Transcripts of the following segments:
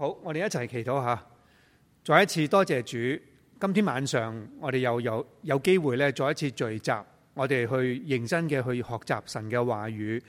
好，我哋一齊祈禱下。再一次多謝主，今天晚上我哋又有有機會咧，再一次聚集，我哋去認真嘅去學習神嘅話語。誒、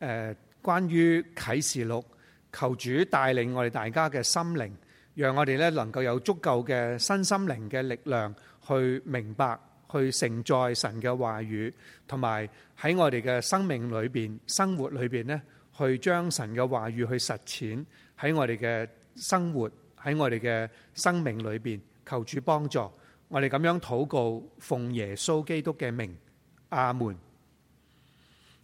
呃，關於啟示錄，求主帶領我哋大家嘅心靈，讓我哋咧能夠有足夠嘅新心靈嘅力量去明白、去承載神嘅話語，同埋喺我哋嘅生命裏邊、生活裏邊咧，去將神嘅話語去實踐喺我哋嘅。生活喺我哋嘅生命裏邊，求主幫助我哋咁樣禱告，奉耶穌基督嘅名，阿門。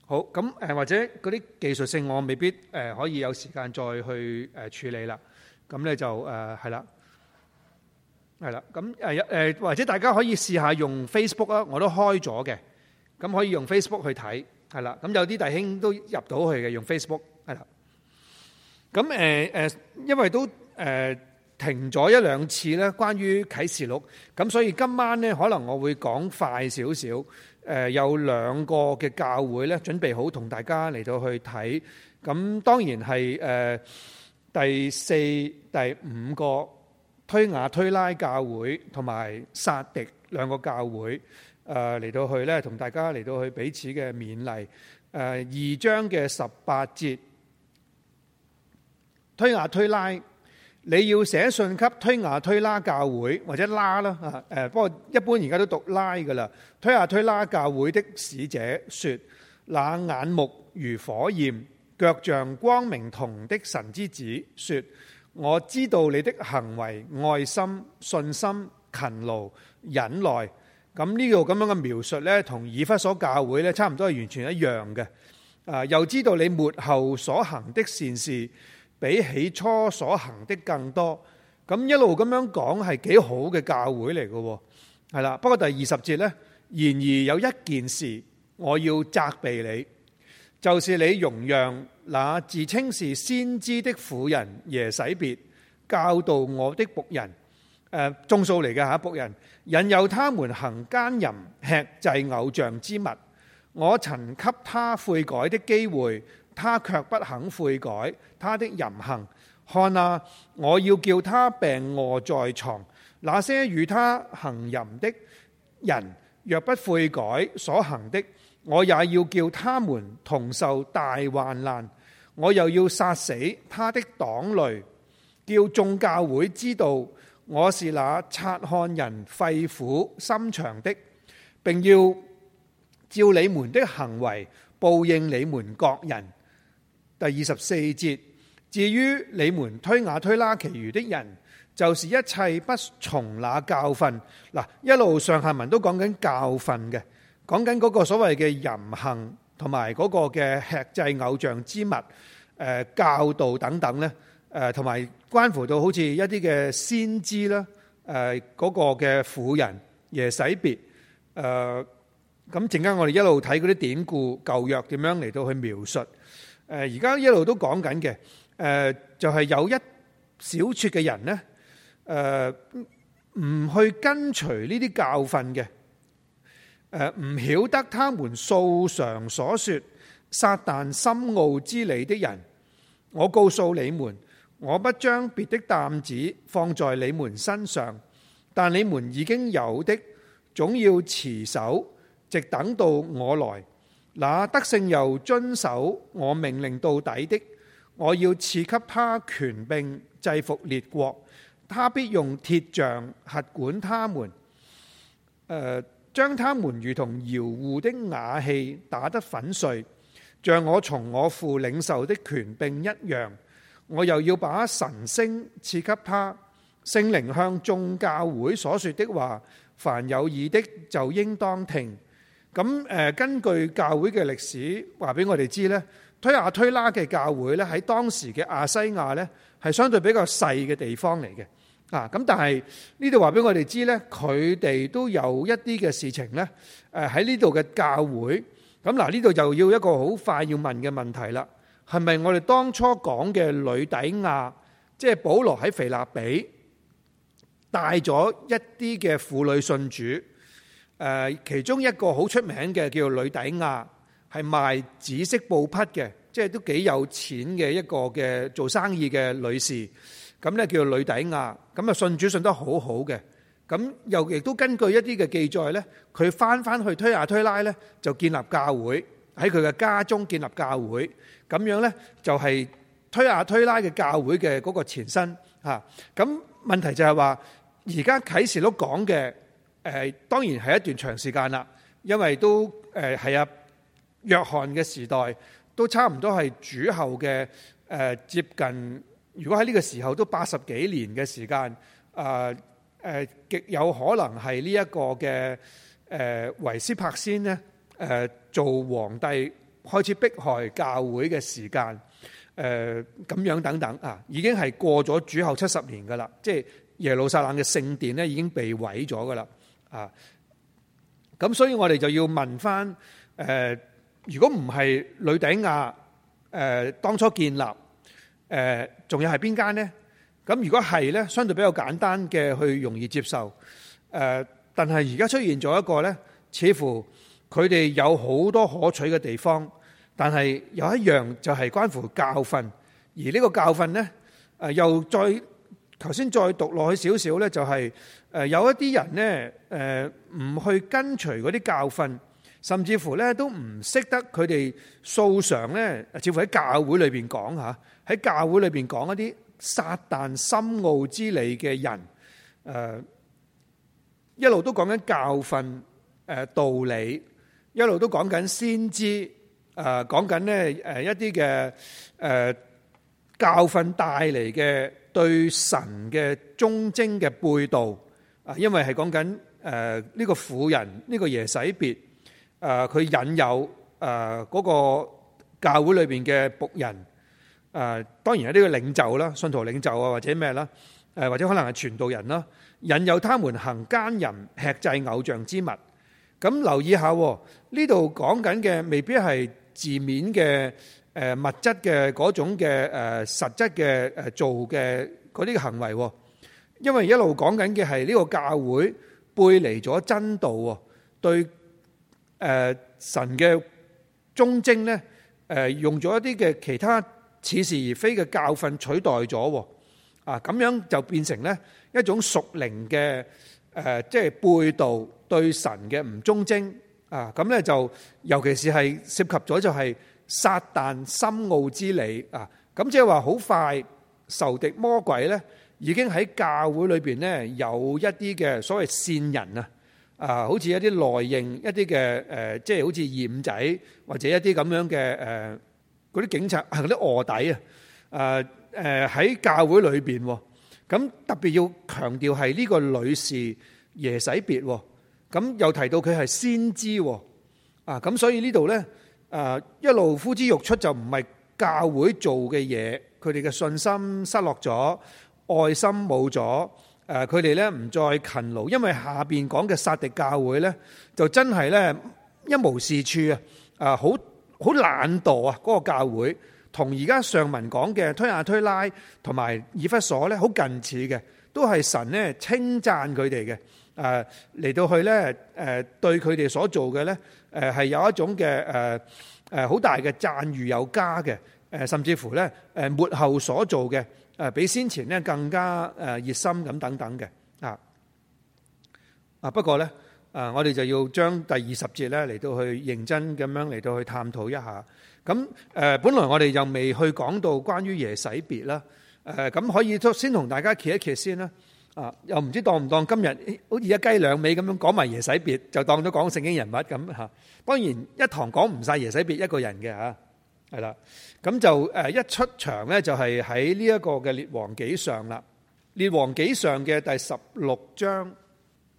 好，咁誒或者嗰啲技術性我未必誒可以有時間再去誒處理啦。咁咧就誒係啦，係啦。咁誒誒或者大家可以試下用 Facebook 啊，我都開咗嘅，咁可以用 Facebook 去睇，係啦。咁有啲弟兄都入到去嘅，用 Facebook，係啦。咁誒誒，因為都誒、呃、停咗一兩次咧，關於啟示錄。咁所以今晚咧，可能我會講快少少。誒、呃、有兩個嘅教會咧，準備好同大家嚟到去睇。咁當然係誒、呃、第四、第五個推雅推拉教會同埋撒迪兩個教會。誒、呃、嚟到去咧，同大家嚟到去彼此嘅勉勵。誒、呃、二章嘅十八節。推雅推喇，你要寫信給推雅推喇教會或者拉啦吓，誒，不過一般而家都讀拉㗎喇。推雅推喇教會的使者說：那眼目如火焰，腳像光明銅的神之子說：我知道你的行為、愛心、信心、勤勞、忍耐。咁呢個咁樣嘅描述呢，同以弗所教會呢，差唔多係完全一樣嘅。啊，又知道你末後所行的善事，比起初所行的更多，咁一路咁樣講係幾好嘅教會嚟嘅，係啦。不過第二十節呢，然而有一件事我要責備你，就是你容讓那自稱是先知的婦人耶洗別教導我的僕人，誒眾數嚟嘅吓僕人，引誘他們行奸淫、吃祭偶像之物。我曾給他悔改的機會。他卻不肯悔改他的淫行，看啊！我要叫他病臥在床。那些與他行淫的人，若不悔改所行的，我也要叫他們同受大患難。我又要殺死他的黨類，叫眾教會知道我是那察看人肺腑心腸的。並要照你們的行為報應你們各人。第二十四節，至於你們推雅推拉，其餘的人就是一切不從那教訓。嗱，一路上下文都講緊教訓嘅，講緊嗰個所謂嘅淫行，同埋嗰個嘅吃祭偶像之物，誒教導等等咧，誒同埋關乎到好似一啲嘅先知啦，誒、那、嗰個嘅婦人耶洗別，誒咁陣間我哋一路睇嗰啲典故舊約點樣嚟到去描述。誒而家一路都講緊嘅，誒就係有一小撮嘅人呢，誒唔去跟隨呢啲教訓嘅，誒唔曉得他們素常所説撒但深奧之理的人，我告訴你們，我不將別的擔子放在你們身上，但你們已經有的，總要持守，直等到我來。那得勝又遵守我命令到底的，我要賜給他權柄制服列國。他必用鐵杖轄管他們，誒、呃，將他們如同窯戶的瓦器打得粉碎，像我從我父領受的權柄一樣。我又要把晨星賜給他，聖靈向眾教會所說的話，凡有耳的就應當聽。咁誒，根據教會嘅歷史話俾我哋知咧，推亞推拉嘅教會咧喺當時嘅亞西亞咧係相對比較細嘅地方嚟嘅啊！咁但係呢度話俾我哋知咧，佢哋都有一啲嘅事情咧喺呢度嘅教會。咁嗱，呢度又要一個好快要問嘅問題啦，係咪我哋當初講嘅呂底亞，即係保羅喺腓立比帶咗一啲嘅婦女信主？誒，其中一個好出名嘅叫呂底亞，係賣紫色布匹嘅，即係都幾有錢嘅一個嘅做生意嘅女士。咁咧叫做呂底亞，咁啊信主信得好好嘅。咁又亦都根據一啲嘅記載呢，佢翻翻去推雅推喇呢，就建立教會，喺佢嘅家中建立教會。咁樣呢，就係推雅推喇嘅教會嘅嗰個前身嚇。咁問題就係話，而家啟示錄講嘅。誒，當然係一段長時間啦，因為都誒係、呃、啊約翰嘅時代都差唔多係主後嘅誒、呃、接近，如果喺呢個時候都八十幾年嘅時間啊，誒極有可能係呢一個嘅誒維斯帕先咧誒做皇帝開始迫害教會嘅時間，誒咁樣等等啊，已經係過咗主後七十年㗎啦，即係耶路撒冷嘅聖殿咧已經被毀咗㗎啦。啊，咁所以我哋就要問翻，誒、呃，如果唔係呂底亞，誒、呃，當初建立，誒、呃，仲有係邊間呢？咁如果係呢，相對比較簡單嘅，去容易接受。誒、呃，但係而家出現咗一個呢，似乎佢哋有好多可取嘅地方，但係有一樣就係關乎教訓，而呢個教訓呢，誒、呃，又再頭先再讀落去少少呢，就係。誒有一啲人咧，誒唔去跟隨嗰啲教訓，甚至乎咧都唔識得佢哋素常咧，似乎喺教會裏邊講嚇，喺教會裏邊講一啲撒但深奧之理嘅人，誒一路都講緊教訓誒道理，一路都講緊先知，誒講緊咧誒一啲嘅誒教訓帶嚟嘅對神嘅忠貞嘅背道。因為係講緊誒呢個婦人呢、呢個耶洗別誒佢、呃、引誘誒嗰、呃嗰個教會裏邊嘅僕人誒、呃、當然係呢個領袖啦，信徒領袖啊或者咩啦誒或者可能係傳道人啦引誘他們行姦淫，吃祭偶像之物咁、嗯、留意下呢度講緊嘅未必係字面嘅誒、呃、物質嘅嗰種嘅誒、呃、實質嘅誒、呃、做嘅嗰啲嘅行為。哦因為一路講緊嘅係呢個教會背離咗真道啊，對誒神嘅忠貞呢誒用咗一啲嘅其他似是而非嘅教訓取代咗啊，咁樣就變成呢一種屬靈嘅誒即係背道對神嘅唔忠貞啊，咁呢就尤其是係涉及咗就係撒但深奧之理啊，咁即係話好快仇敵魔鬼呢。已經喺教會裏邊咧，有一啲嘅所謂線人啊，啊，好似一啲內應，一啲嘅誒，即係好似二五仔或者一啲咁樣嘅誒，嗰啲警察嗰啲臥底啊，啊誒喺教會裏邊，咁特別要強調係呢個女士耶洗別，咁又提到佢係先知，啊，咁所以呢度咧，啊，一路呼之欲出就唔係教會做嘅嘢，佢哋嘅信心失落咗。愛心冇咗，誒佢哋咧唔再勤勞，因為下邊講嘅撒狄教會咧，就真係咧一無是處啊！啊，好好懶惰啊，嗰、那個教會同而家上文講嘅推雅、啊、推喇同埋以弗所咧，好近似嘅，都係神咧稱讚佢哋嘅。誒嚟到去咧，誒對佢哋所做嘅咧，誒係有一種嘅誒誒好大嘅讚譽有加嘅，誒甚至乎咧誒末後所做嘅。誒比先前咧更加誒熱心咁等等嘅，啊，啊不過咧，啊我哋就要將第二十節咧嚟到去認真咁樣嚟到去探討一下，咁誒本來我哋又未去講到關於耶洗別啦，誒咁可以先同大家揭一揭先啦，啊又唔知當唔當今日好似一雞兩尾咁樣，講埋耶洗別就當咗講聖經人物咁嚇，當然一堂講唔晒耶洗別一個人嘅嚇。係啦，咁就誒一出場呢，就係喺呢一個嘅列王紀上啦。列王紀上嘅第十六章，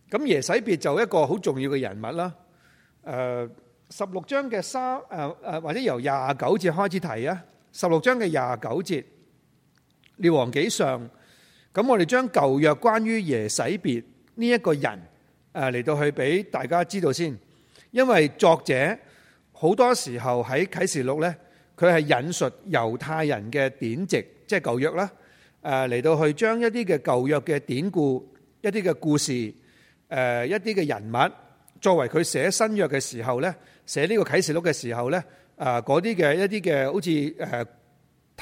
咁耶洗別就一個好重要嘅人物啦。誒、呃，十六章嘅三誒誒、呃，或者由廿九節開始睇啊。十六章嘅廿九節，列王紀上，咁我哋將舊約關於耶洗別呢一個人誒嚟、呃、到去俾大家知道先，因為作者好多時候喺啟示錄呢。佢係引述猶太人嘅典籍，即係舊約啦，誒嚟到去將一啲嘅舊約嘅典故、一啲嘅故事、誒一啲嘅人物，作為佢寫新約嘅時候呢，寫呢個啟示錄嘅時候呢，啊嗰啲嘅一啲嘅好似誒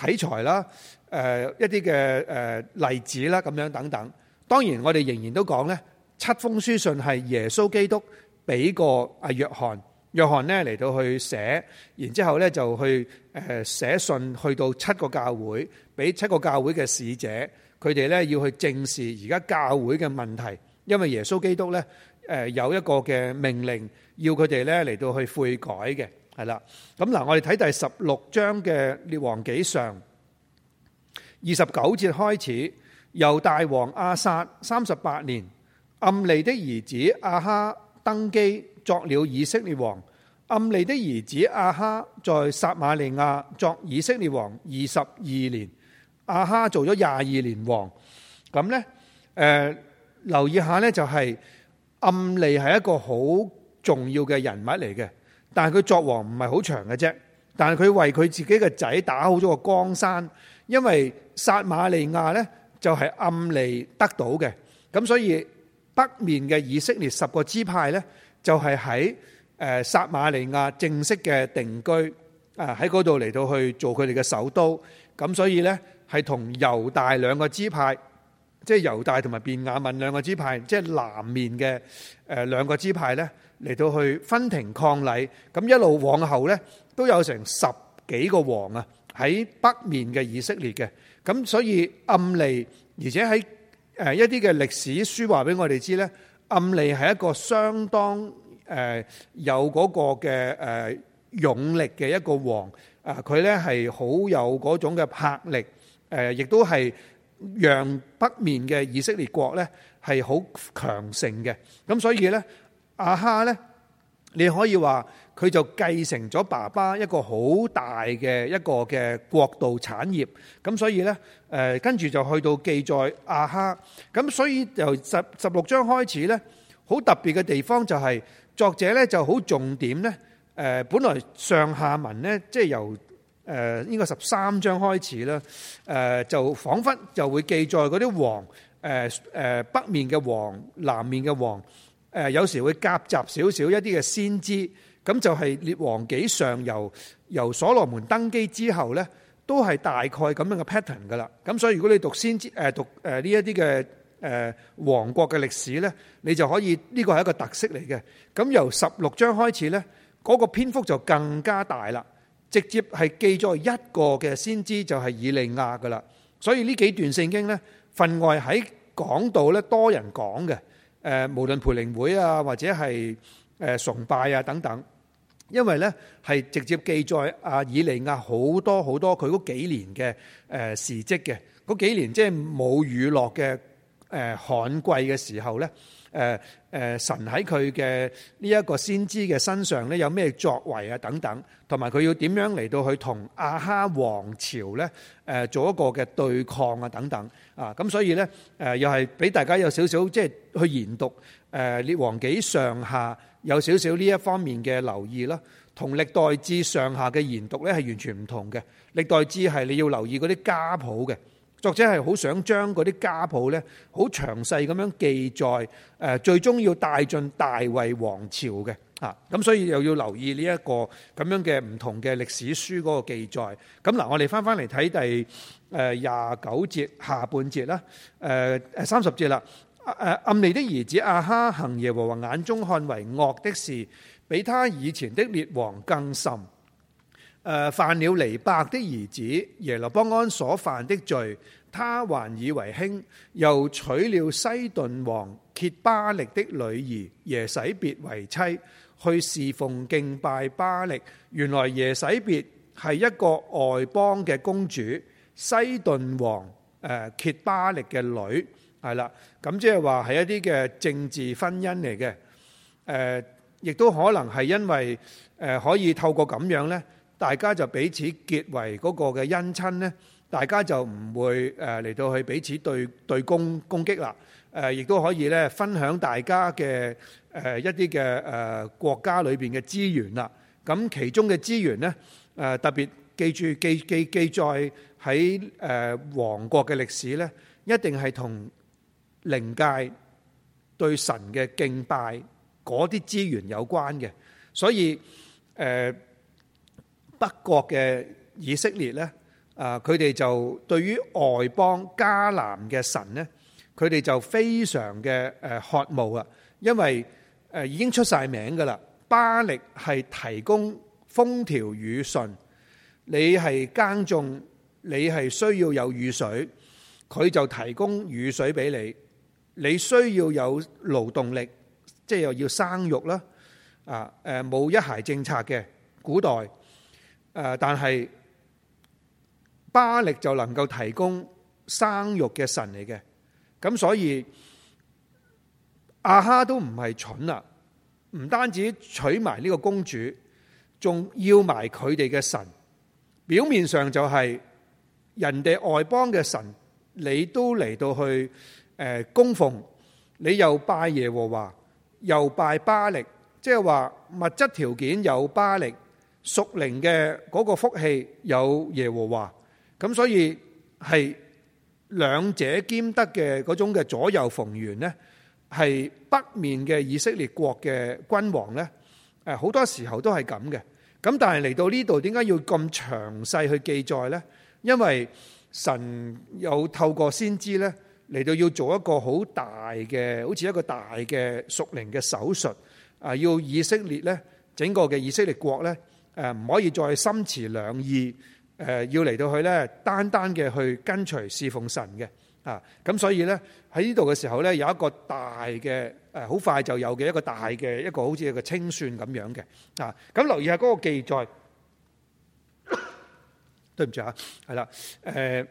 題材啦、誒一啲嘅誒例子啦咁樣等等。當然我哋仍然都講呢：七封書信係耶穌基督俾個阿約翰。約翰呢嚟到去寫，然之後呢就去誒寫信去到七個教會，俾七個教會嘅使者，佢哋呢要去正視而家教會嘅問題，因為耶穌基督呢誒有一個嘅命令，要佢哋呢嚟到去悔改嘅，係啦。咁嗱，我哋睇第十六章嘅列王紀上二十九節開始，由大王阿薩三十八年暗利的兒子阿哈登基，作了以色列王，暗利的兒子阿哈在撒瑪利亞作以色列王二十二年。阿哈做咗廿二年王，咁呢，誒、呃，留意一下呢，就係、是、暗利係一個好重要嘅人物嚟嘅，但係佢作王唔係好長嘅啫，但係佢為佢自己嘅仔打好咗個江山，因為撒瑪利亞呢，就係、是、暗利得到嘅，咁所以北面嘅以色列十個支派呢。就係喺誒撒瑪利亞正式嘅定居，誒喺嗰度嚟到去做佢哋嘅首都。咁所以呢，係同猶大兩個支派，即係猶大同埋便雅憫兩個支派，即係南面嘅誒兩個支派呢，嚟到去分庭抗禮。咁一路往後呢，都有成十幾個王啊，喺北面嘅以色列嘅。咁所以暗利，而且喺誒一啲嘅歷史書話俾我哋知呢。暗利係一個相當誒有嗰個嘅誒勇力嘅一個王啊，佢咧係好有嗰種嘅魄力，誒亦都係讓北面嘅以色列國咧係好強盛嘅，咁所以咧亞哈咧你可以話。佢就繼承咗爸爸一個好大嘅一個嘅國度產業，咁所以呢，誒、呃、跟住就去到記載亞哈咁，所以由十十六章開始呢，好特別嘅地方就係、是、作者呢就好重點呢，誒、呃。本來上下文呢，即係由誒、呃、應該十三章開始啦，誒、呃、就彷彿就會記載嗰啲王誒誒北面嘅王、南面嘅王誒，有時會夾雜少少一啲嘅先知。咁就係列王紀上由由所羅門登基之後咧，都係大概咁樣嘅 pattern 噶啦。咁所以如果你讀先知誒讀誒呢一啲嘅誒王國嘅歷史咧，你就可以呢個係一個特色嚟嘅。咁由十六章開始咧，嗰個篇幅就更加大啦，直接係記載一個嘅先知就係以利亞噶啦。所以呢幾段聖經咧，份外喺講道咧多人講嘅誒，無論培靈會啊或者係。誒崇拜啊等等，因為咧係直接記載阿以利亞好多好多佢嗰幾年嘅誒事蹟，嘅嗰幾年，即係冇雨落嘅誒旱季嘅時候咧，誒誒神喺佢嘅呢一個先知嘅身上咧有咩作為啊等等，同埋佢要點樣嚟到去同亞哈王朝咧誒做一個嘅對抗啊等等啊咁，所以咧誒又係俾大家有少少即係去研讀誒列王紀上下。有少少呢一方面嘅留意啦，同歷代志上下嘅研讀呢，係完全唔同嘅。歷代志係你要留意嗰啲家譜嘅作者係好想將嗰啲家譜呢，好詳細咁樣記載誒，最終要帶進大衛王朝嘅吓，咁所以又要留意呢、這、一個咁樣嘅唔同嘅歷史書嗰個記載。咁嗱，我哋翻翻嚟睇第誒廿九節下半節啦，誒誒三十節啦。誒、啊，暗利的兒子阿、啊、哈行耶和華眼中看為惡的事，比他以前的列王更甚。誒、啊，犯了尼伯的兒子耶羅波安所犯的罪，他還以為輕。又娶了西頓王揭巴力的女兒耶洗別為妻，去侍奉敬拜巴力。原來耶洗別係一個外邦嘅公主，西頓王誒揭巴力嘅女。係啦，咁即係話係一啲嘅政治婚姻嚟嘅，誒，亦都可能係因為誒可以透過咁樣咧，大家就彼此結為嗰個嘅姻親咧，大家就唔會誒嚟到去彼此對對攻攻擊啦，誒，亦都可以咧分享大家嘅誒一啲嘅誒國家裏邊嘅資源啦。咁其中嘅資源咧，誒特別記住記記記載喺誒王國嘅歷史咧，一定係同。靈界對神嘅敬拜嗰啲資源有關嘅，所以誒北國嘅以色列呢，啊佢哋就對於外邦迦南嘅神呢，佢哋就非常嘅誒渴慕啊，因為誒已經出晒名噶啦，巴力係提供風調雨順，你係耕種，你係需要有雨水，佢就提供雨水俾你。你需要有勞動力，即係又要生育啦。啊，誒，冇一孩政策嘅古代，誒、啊，但係巴力就能夠提供生育嘅神嚟嘅，咁所以亞哈都唔係蠢啦，唔單止娶埋呢個公主，仲要埋佢哋嘅神。表面上就係人哋外邦嘅神，你都嚟到去。誒，供奉，你又拜耶和華，又拜巴力，即係話物質條件有巴力，屬靈嘅嗰個福氣有耶和華，咁所以係兩者兼得嘅嗰種嘅左右逢源呢，係北面嘅以色列國嘅君王呢，誒，好多時候都係咁嘅。咁但係嚟到呢度，點解要咁詳細去記載呢？因為神有透過先知呢。嚟到要做一個好大嘅，好似一個大嘅屬靈嘅手術啊！要以色列呢，整個嘅以色列國呢，誒唔可以再心慈兩意，誒要嚟到去呢，單單嘅去跟隨侍奉神嘅啊！咁所以呢，喺呢度嘅時候呢，有一個大嘅誒，好快就有嘅一個大嘅一個好似一個清算咁樣嘅啊！咁留意下嗰個記載，對唔住啊，係啦，誒、呃。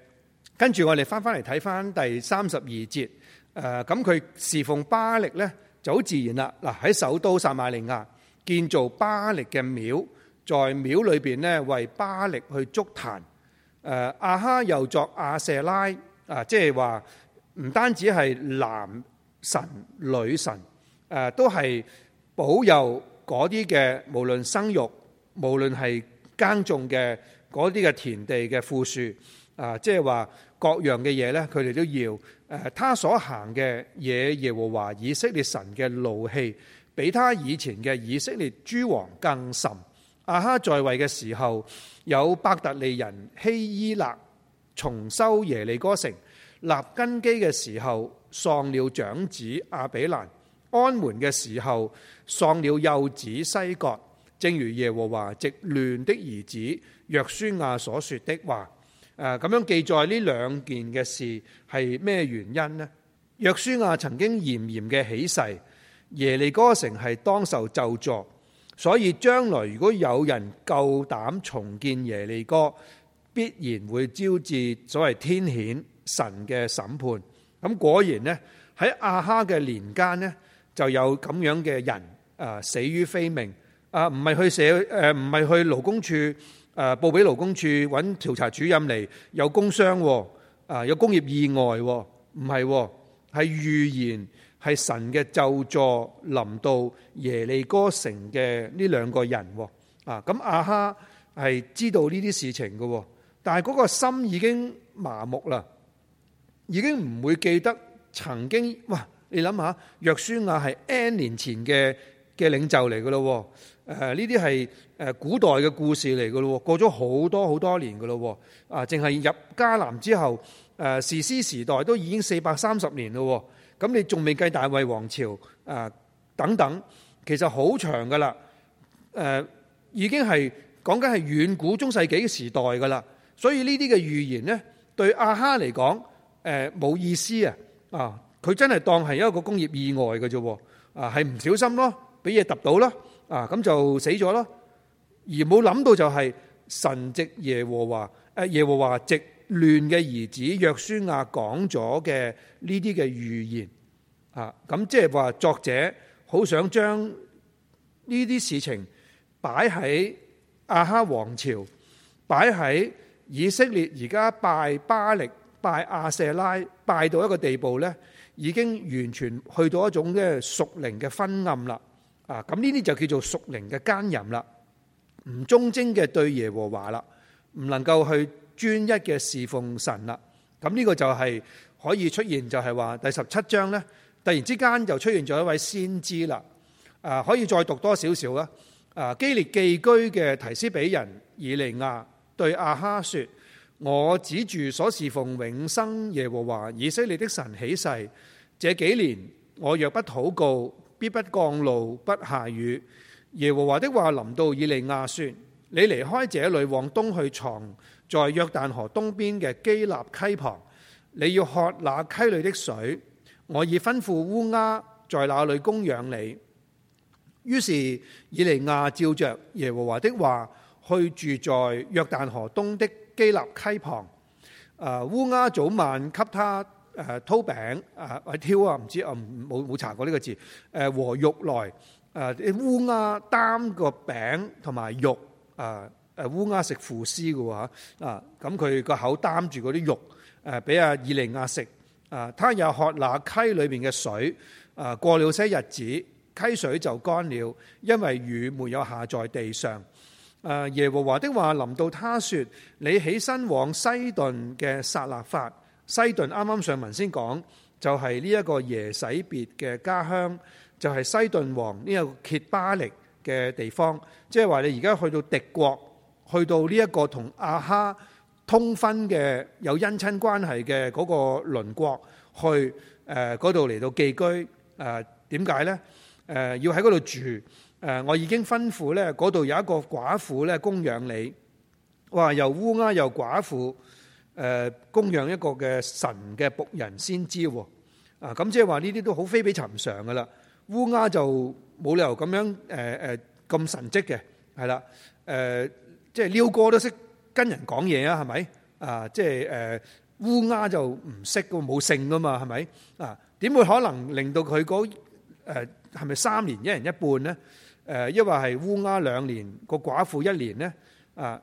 跟住我哋翻翻嚟睇翻第三十二節，誒咁佢侍奉巴力咧就好自然啦。嗱喺首都撒瑪利亞建造巴力嘅廟，在廟裏邊咧為巴力去築壇。誒亞哈又作亞舍拉，啊即係話唔單止係男神女神，誒都係保佑嗰啲嘅無論生育，無論係耕種嘅嗰啲嘅田地嘅富庶，啊即係話。各樣嘅嘢呢，佢哋都要。誒，他所行嘅嘢，耶和華以色列神嘅怒氣，比他以前嘅以色列諸王更甚。亞哈在位嘅時候，有伯特利人希伊勒重修耶利哥城，立根基嘅時候喪了長子亞比蘭，安門嘅時候喪了幼子西割，正如耶和華藉嫩的兒子約書亞所說的話。誒，咁樣記載呢兩件嘅事係咩原因呢？約書亞曾經嚴嚴嘅起誓，耶利哥城係當受咒詛，所以將來如果有人夠膽重建耶利哥，必然會招致所謂天譴神嘅審判。咁果然呢，喺阿哈嘅年間呢，就有咁樣嘅人誒死於非命，啊唔係去社誒唔係去勞工處。誒，報俾勞工處揾調查主任嚟，有工傷喎。啊，有工業意外喎，唔係，係預言，係神嘅咒詛臨到耶利哥城嘅呢兩個人，啊，咁亞哈係知道呢啲事情嘅，但係嗰個心已經麻木啦，已經唔會記得曾經，哇，你諗下，約書亞係 N 年前嘅嘅領袖嚟噶咯，誒，呢啲係。誒古代嘅故事嚟㗎咯，過咗好多好多年㗎咯，啊，淨係入迦南之後，誒士師時代都已經四百三十年咯，咁你仲未計大衛王朝啊等等，其實好長㗎啦，誒已經係講緊係遠古中世紀嘅時代㗎啦，所以呢啲嘅預言呢，對阿哈嚟講誒冇意思啊，啊，佢真係當係一個工業意外嘅啫，啊係唔小心咯，俾嘢揼到咯，啊咁就死咗咯。而冇諗到就係神，即耶和華，誒耶和華直亂嘅兒子約書亞講咗嘅呢啲嘅預言啊，咁即係話作者好想將呢啲事情擺喺亞哈王朝，擺喺以色列而家拜巴力、拜亞舍拉、拜到一個地步呢，已經完全去到一種嘅屬靈嘅昏暗啦，啊咁呢啲就叫做屬靈嘅奸淫啦。唔忠貞嘅對耶和華啦，唔能夠去專一嘅侍奉神啦。咁呢個就係可以出現，就係話第十七章呢，突然之間就出現咗一位先知啦。啊，可以再讀多少少啦。啊，基列寄居嘅提斯比人以利亞對阿哈說：我指住所侍奉永生耶和華以色列的神起誓，這幾年我若不禱告，必不降露不下雨。耶和華的話臨到以利亞說：你離開這裏，往東去藏在約旦河東邊嘅基納溪旁，你要喝那溪裏的水。我已吩咐烏鴉在那裏供養你。於是以利亞照着耶和華的話去住在約旦河東的基納溪旁。呃烏鴉呃呃、啊，烏鴉早晚給他誒，粗餅啊，挑啊，唔知啊，冇查過呢個字、啊。和肉來。啊！啲烏鴉擔個餅同埋肉啊！誒烏鴉食腐屍嘅話啊！咁佢個口擔住嗰啲肉誒，俾阿以利亞食啊！他也喝那溪裏面嘅水啊！過了些日子，溪水就乾了，因為雨沒有下在地上。誒耶和華的話臨到他說：你起身往西頓嘅撒勒法。西頓啱啱上文先講，就係呢一個耶洗別嘅家鄉。就係西頓王呢一個揭巴力嘅地方，即係話你而家去到敵國，去到呢一個同亞哈通婚嘅有姻親關係嘅嗰個鄰國去，誒嗰度嚟到寄居，誒點解呢？誒、呃、要喺嗰度住？誒、呃、我已經吩咐咧，嗰度有一個寡婦咧供養你。哇！由烏鴉又寡婦誒、呃、供養一個嘅神嘅僕人先知喎，啊咁即係話呢啲都好非比尋常㗎喇。烏鴉就冇理由咁樣誒、誒咁神蹟嘅。係啦，誒即係鷯哥都識跟人講嘢啊，係咪啊？即係誒烏鴉就唔識噶，冇性噶嘛，係咪啊？點會可能令到佢嗰誒係咪三年一人一半咧？誒，抑或係烏鴉兩年，個寡婦一年咧？啊，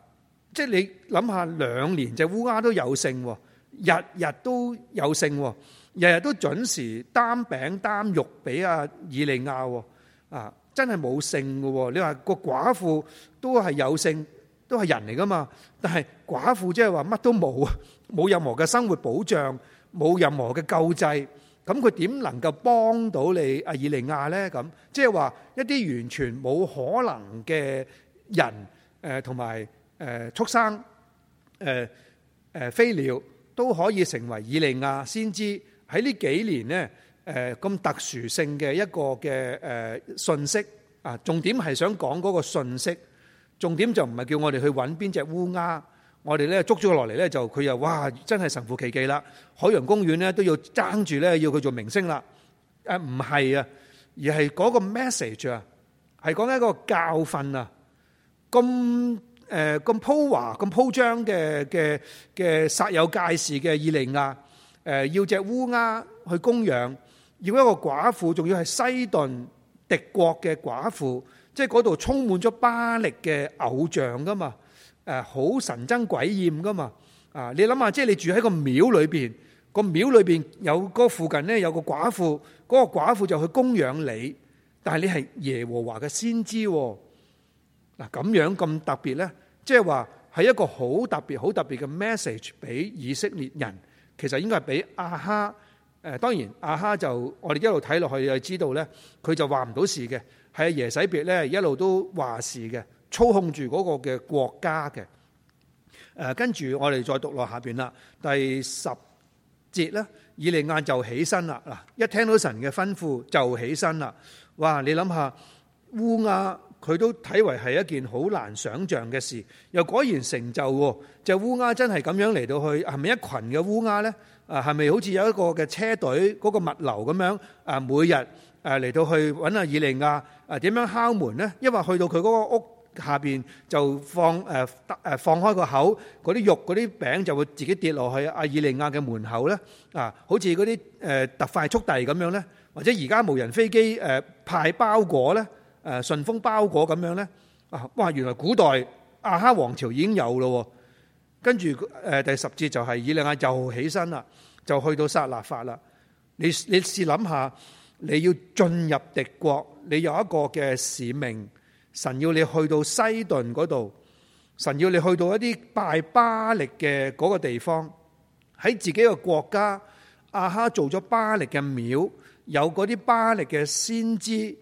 即係你諗下兩年隻烏鴉都有性喎，日日都有性喎。日日都準時擔餅擔肉俾阿以利亞喎，啊，真係冇性嘅喎！你話個寡婦都係有性，都係人嚟㗎嘛？但係寡婦即係話乜都冇，冇任何嘅生活保障，冇任何嘅救濟，咁佢點能夠幫到你阿、啊、以利亞呢？咁即係話一啲完全冇可能嘅人，誒同埋誒畜生，誒誒飛鳥都可以成為以利亞先知。喺呢幾年呢，誒咁特殊性嘅一個嘅誒、呃、信息啊，重點係想講嗰個信息，重點就唔係叫我哋去搵邊隻烏鴉，我哋咧捉咗落嚟咧就佢又哇真係神乎其技啦！海洋公園咧都要爭住咧要佢做明星啦，誒唔係啊，而係嗰個 message 啊，係講緊一個教訓啊，咁誒咁鋪華咁鋪張嘅嘅嘅煞有介事嘅以利亞啊！誒，要隻烏鴉去供養，要一個寡婦，仲要係西頓敵國嘅寡婦，即係嗰度充滿咗巴力嘅偶像噶嘛？誒，好神憎鬼厭噶嘛？啊，你諗下，即係你住喺個廟裏邊，個廟裏邊有，個附近呢，有個寡婦，嗰，嗰個寡婦就去供養你，但係你係耶和華嘅先知，啊，嗱，啊，咁樣咁特別呢，即係話係一個好特別好特別嘅 message 俾以色列人。其實應該係俾阿哈，誒、呃，當然阿哈就我哋一路睇落去就知道咧，佢就話唔到事嘅，係阿耶洗別咧一路都話事嘅，操控住嗰個嘅國家嘅，誒、呃，跟住我哋再讀落下邊啦，第十節呢，以利亞就起身啦，嗱，一聽到神嘅吩咐就起身啦，哇，你諗下烏鴉。佢都睇為係一件好難想像嘅事，又果然成就喎！隻烏鴉真係咁樣嚟到去，係咪一群嘅烏鴉咧？啊，係咪好似有一個嘅車隊嗰、嗰個物流咁樣？啊，每日啊嚟到去揾阿以利亞啊，點樣敲門咧？因為去到佢嗰個屋下邊就放誒誒、啊、放開個口，嗰啲肉嗰啲餅就會自己跌落去阿以利亞嘅門口咧。啊，好似嗰啲誒特快速遞咁樣咧，或者而家無人飛機誒、啊、派包裹咧？誒順豐包裹咁樣呢？啊哇！原來古代亞哈王朝已經有咯，跟住誒第十節就係、是、以利亞又起身啦，就去到撒勒法啦。你你試諗下，你要進入敵國，你有一個嘅使命，神要你去到西頓嗰度，神要你去到一啲拜巴力嘅嗰個地方，喺自己個國家亞哈做咗巴力嘅廟，有嗰啲巴力嘅先知。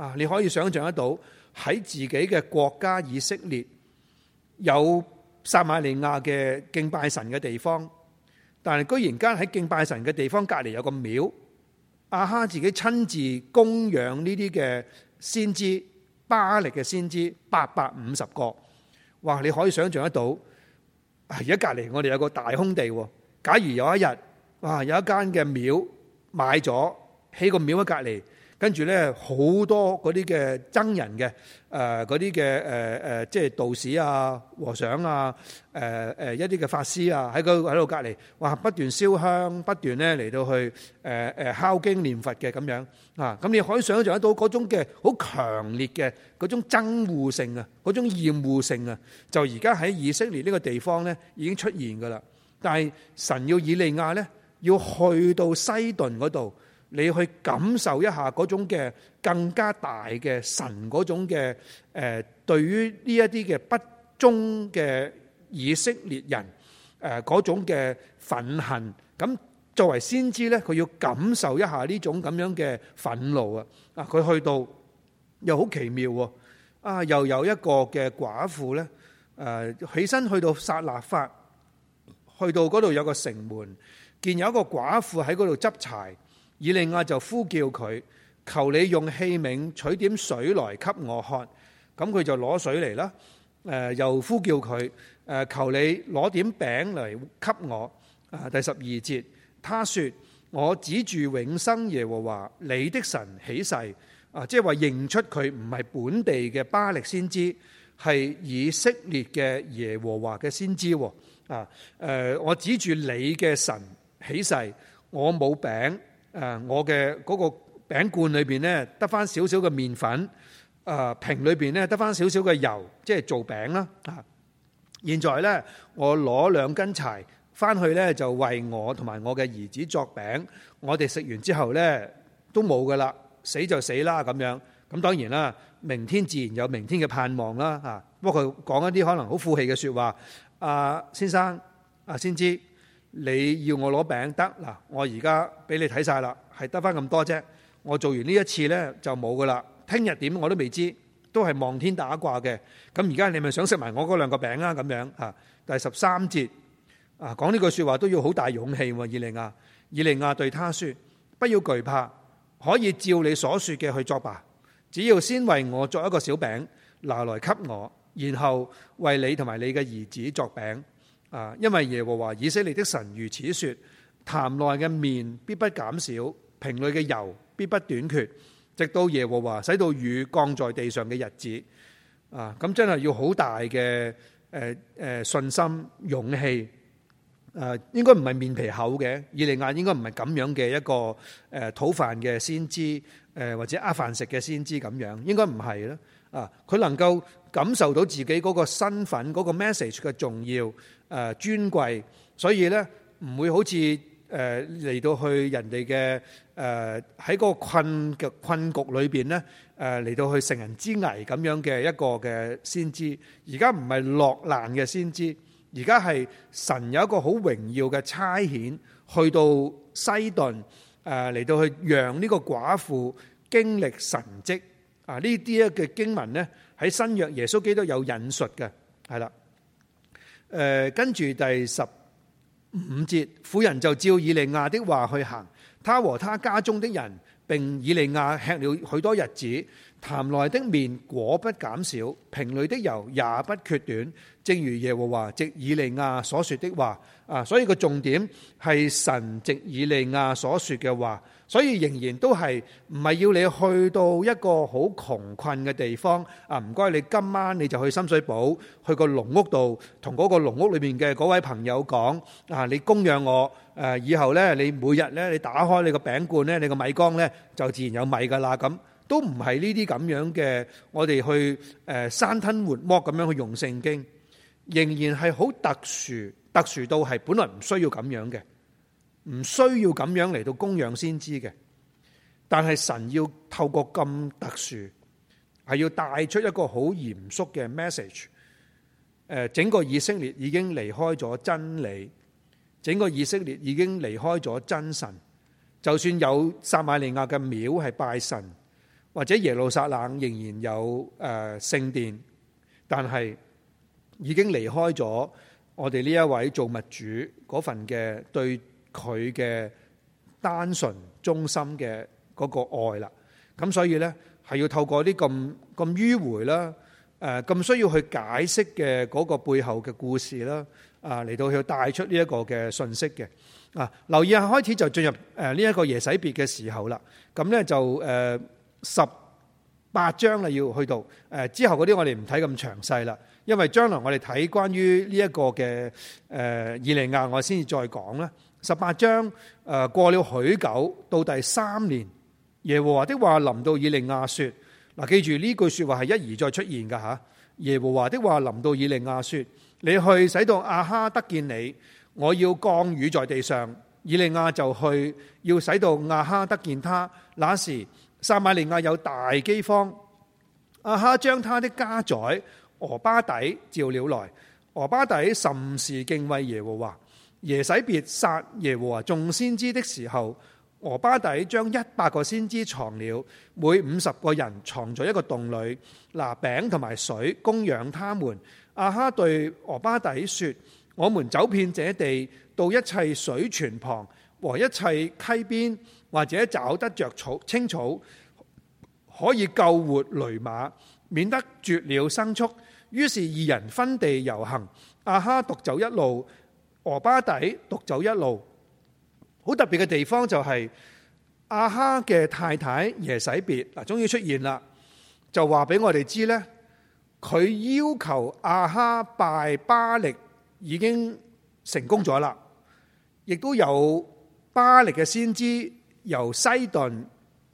啊！你可以想象得到喺自己嘅國家以色列有撒瑪利亞嘅敬拜神嘅地方，但係居然間喺敬拜神嘅地方隔離有個廟，亞哈自己親自供養呢啲嘅先知、巴力嘅先知八百五十個。哇！你可以想象得到，而家隔離我哋有個大空地。假如有一日，哇！有一間嘅廟買咗，起個廟喺隔離。跟住咧，好多嗰啲嘅僧人嘅，誒嗰啲嘅誒誒，即係道士啊、和尚啊、誒誒一啲嘅法師啊，喺喺度隔籬，哇！不斷燒香，不斷咧嚟到去誒誒敲經念佛嘅咁樣啊！咁你可以想象得到嗰種嘅好強烈嘅嗰種憎惡性啊，嗰種厭惡性啊，就而家喺以色列呢個地方咧已經出現㗎喇。但係神要以利亞咧，要去到西頓嗰度。你去感受一下嗰種嘅更加大嘅神嗰種嘅誒，對於呢一啲嘅不忠嘅以色列人誒嗰種嘅憤恨。咁作為先知呢，佢要感受一下呢種咁樣嘅憤怒啊！啊，佢去到又好奇妙喎！啊，又有一個嘅寡婦呢，誒起身去到撒勒法，去到嗰度有個城門，見有一個寡婦喺嗰度執柴。以利亞就呼叫佢，求你用器皿取點水來給我喝。咁佢就攞水嚟啦。誒，又呼叫佢，誒，求你攞點餅嚟給我。啊，第十二節，他說：我指住永生耶和華你的神起誓。啊，即係話認出佢唔係本地嘅巴力先知，係以色列嘅耶和華嘅先知。啊，誒，我指住你嘅神起誓，我冇餅。誒，我嘅嗰個餅罐裏面呢，得翻少少嘅麵粉；瓶裏面呢，得翻少少嘅油，即係做餅啦。啊，現在呢，我攞兩根柴翻去呢，就為我同埋我嘅兒子作餅。我哋食完之後呢，都冇噶啦，死就死啦咁樣。咁當然啦，明天自然有明天嘅盼望啦。啊，不過佢講一啲可能好負氣嘅說話。啊，先生，啊，先知。你要我攞餅得嗱，我而家俾你睇晒啦，係得翻咁多啫。我做完呢一次呢，就冇噶啦，聽日點我都未知，都係望天打卦嘅。咁而家你咪想食埋我嗰兩個餅啊咁樣嚇。第十三節啊，講呢句説話都要好大勇氣喎。以利亞，以利亞對他説：不要懼怕，可以照你所説嘅去作吧。只要先為我作一個小餅，拿來給我，然後為你同埋你嘅兒子作餅。啊！因為耶和華以色列的神如此說：壇內嘅麵必不減少，瓶裏嘅油必不短缺，直到耶和華使到雨降在地上嘅日子。啊！咁真係要好大嘅誒誒信心勇氣。誒、啊，應該唔係面皮厚嘅，以利亞應該唔係咁樣嘅一個誒討飯嘅先知，誒、呃、或者呃飯食嘅先知咁樣，應該唔係咯。啊！佢能夠感受到自己嗰個身份嗰、嗰個 message 嘅重要，誒、啊、尊貴，所以咧唔會好似誒嚟到去人哋嘅誒喺嗰個困嘅困局裏邊咧誒嚟到去成人之危咁樣嘅一個嘅先知。而家唔係落難嘅先知，而家係神有一個好榮耀嘅差遣，去到西頓誒嚟、啊、到去讓呢個寡婦經歷神蹟。啊！呢啲嘅經文呢，喺新約耶穌基督有引述嘅，係啦。誒，跟住第十五節，婦人就照以利亞的話去行，他和他家中的人，並以利亞吃了許多日子，壇內的麵果不減少，瓶裏的油也不缺短，正如耶和華藉以利亞所說的話。啊，所以個重點係神藉以利亞所說嘅話。所以仍然都係唔係要你去到一個好窮困嘅地方啊！唔該你今晚你就去深水埗，去個籠屋度，同嗰個籠屋裏面嘅嗰位朋友講啊！你供養我，誒，以後咧，你每日咧，你打開你個餅罐咧，你個米缸咧，就自然有米噶啦咁都唔係呢啲咁樣嘅，我哋去誒，生吞活剝咁樣去用聖經仍然係好特殊，特殊到係本來唔需要咁樣嘅。唔需要咁樣嚟到供養先知嘅，但係神要透過咁特殊，係要帶出一個好嚴肅嘅 message。整個以色列已經離開咗真理，整個以色列已經離開咗真神。就算有撒瑪利亞嘅廟係拜神，或者耶路撒冷仍然有誒聖殿，但係已經離開咗我哋呢一位造物主嗰份嘅對。佢嘅單純、忠心嘅嗰個愛啦，咁所以呢，係要透過啲咁咁迂迴啦，誒、呃、咁需要去解釋嘅嗰個背後嘅故事啦，啊、呃、嚟到去帶出呢一個嘅信息嘅啊。留意一下，開始就進入誒呢一個耶洗別嘅時候啦，咁呢，就誒十八章啦，要去到誒、呃、之後嗰啲我哋唔睇咁詳細啦，因為將來我哋睇關於呢一個嘅誒以利亞，我先至再講啦。十八章，誒過了許久，到第三年，耶和華的話臨到以利亞說：嗱，記住呢句說話係一而再出現噶吓。耶和華的話臨到以利亞說：你去使到亞哈得見你，我要降雨在地上。以利亞就去，要使到亞哈得見他。那時，撒瑪利亞有大飢荒，亞哈將他的家宰俄巴底召了來，俄巴底甚是敬畏耶和華。耶洗別殺耶和華眾先知的時候，俄巴底將一百個先知藏了，每五十個人藏在一個洞裏，拿餅同埋水供養他們。亞哈對俄巴底說：「我們走遍這地，到一切水泉旁和一切溪邊，或者找得着草青草，可以救活騾馬，免得絕了牲畜。」於是二人分地遊行，亞哈獨走一路。俄巴底獨走一路，好特別嘅地方就係阿哈嘅太太耶洗別嗱，終於出現啦，就話俾我哋知咧，佢要求阿哈拜巴力已經成功咗啦，亦都有巴力嘅先知由西頓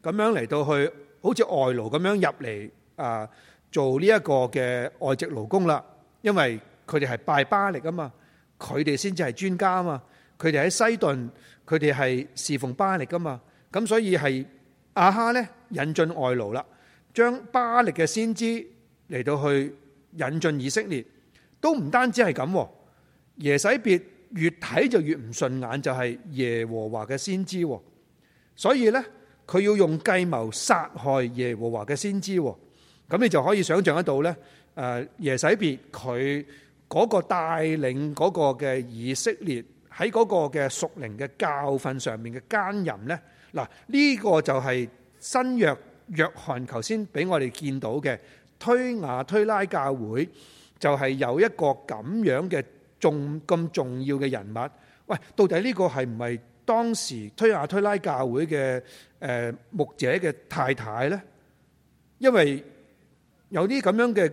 咁樣嚟到去，好似外勞咁樣入嚟啊，做呢一個嘅外籍勞工啦，因為佢哋係拜巴力啊嘛。佢哋先至係專家啊嘛，佢哋喺西頓，佢哋係侍奉巴力噶嘛，咁所以係亞哈呢，引進外勞啦，將巴力嘅先知嚟到去引進以色列，都唔單止係咁。耶洗別越睇就越唔順眼，就係耶和華嘅先知，所以呢，佢要用計謀殺害耶和華嘅先知，咁你就可以想象得到呢，誒耶洗別佢。嗰個帶領嗰個嘅以色列喺嗰個嘅屬靈嘅教訓上面嘅奸人呢？嗱、這、呢個就係新約約翰頭先俾我哋見到嘅推雅推拉教會，就係有一個咁樣嘅重咁重要嘅人物。喂，到底呢個係唔係當時推雅推拉教會嘅誒、呃、牧者嘅太太呢？因為有啲咁樣嘅。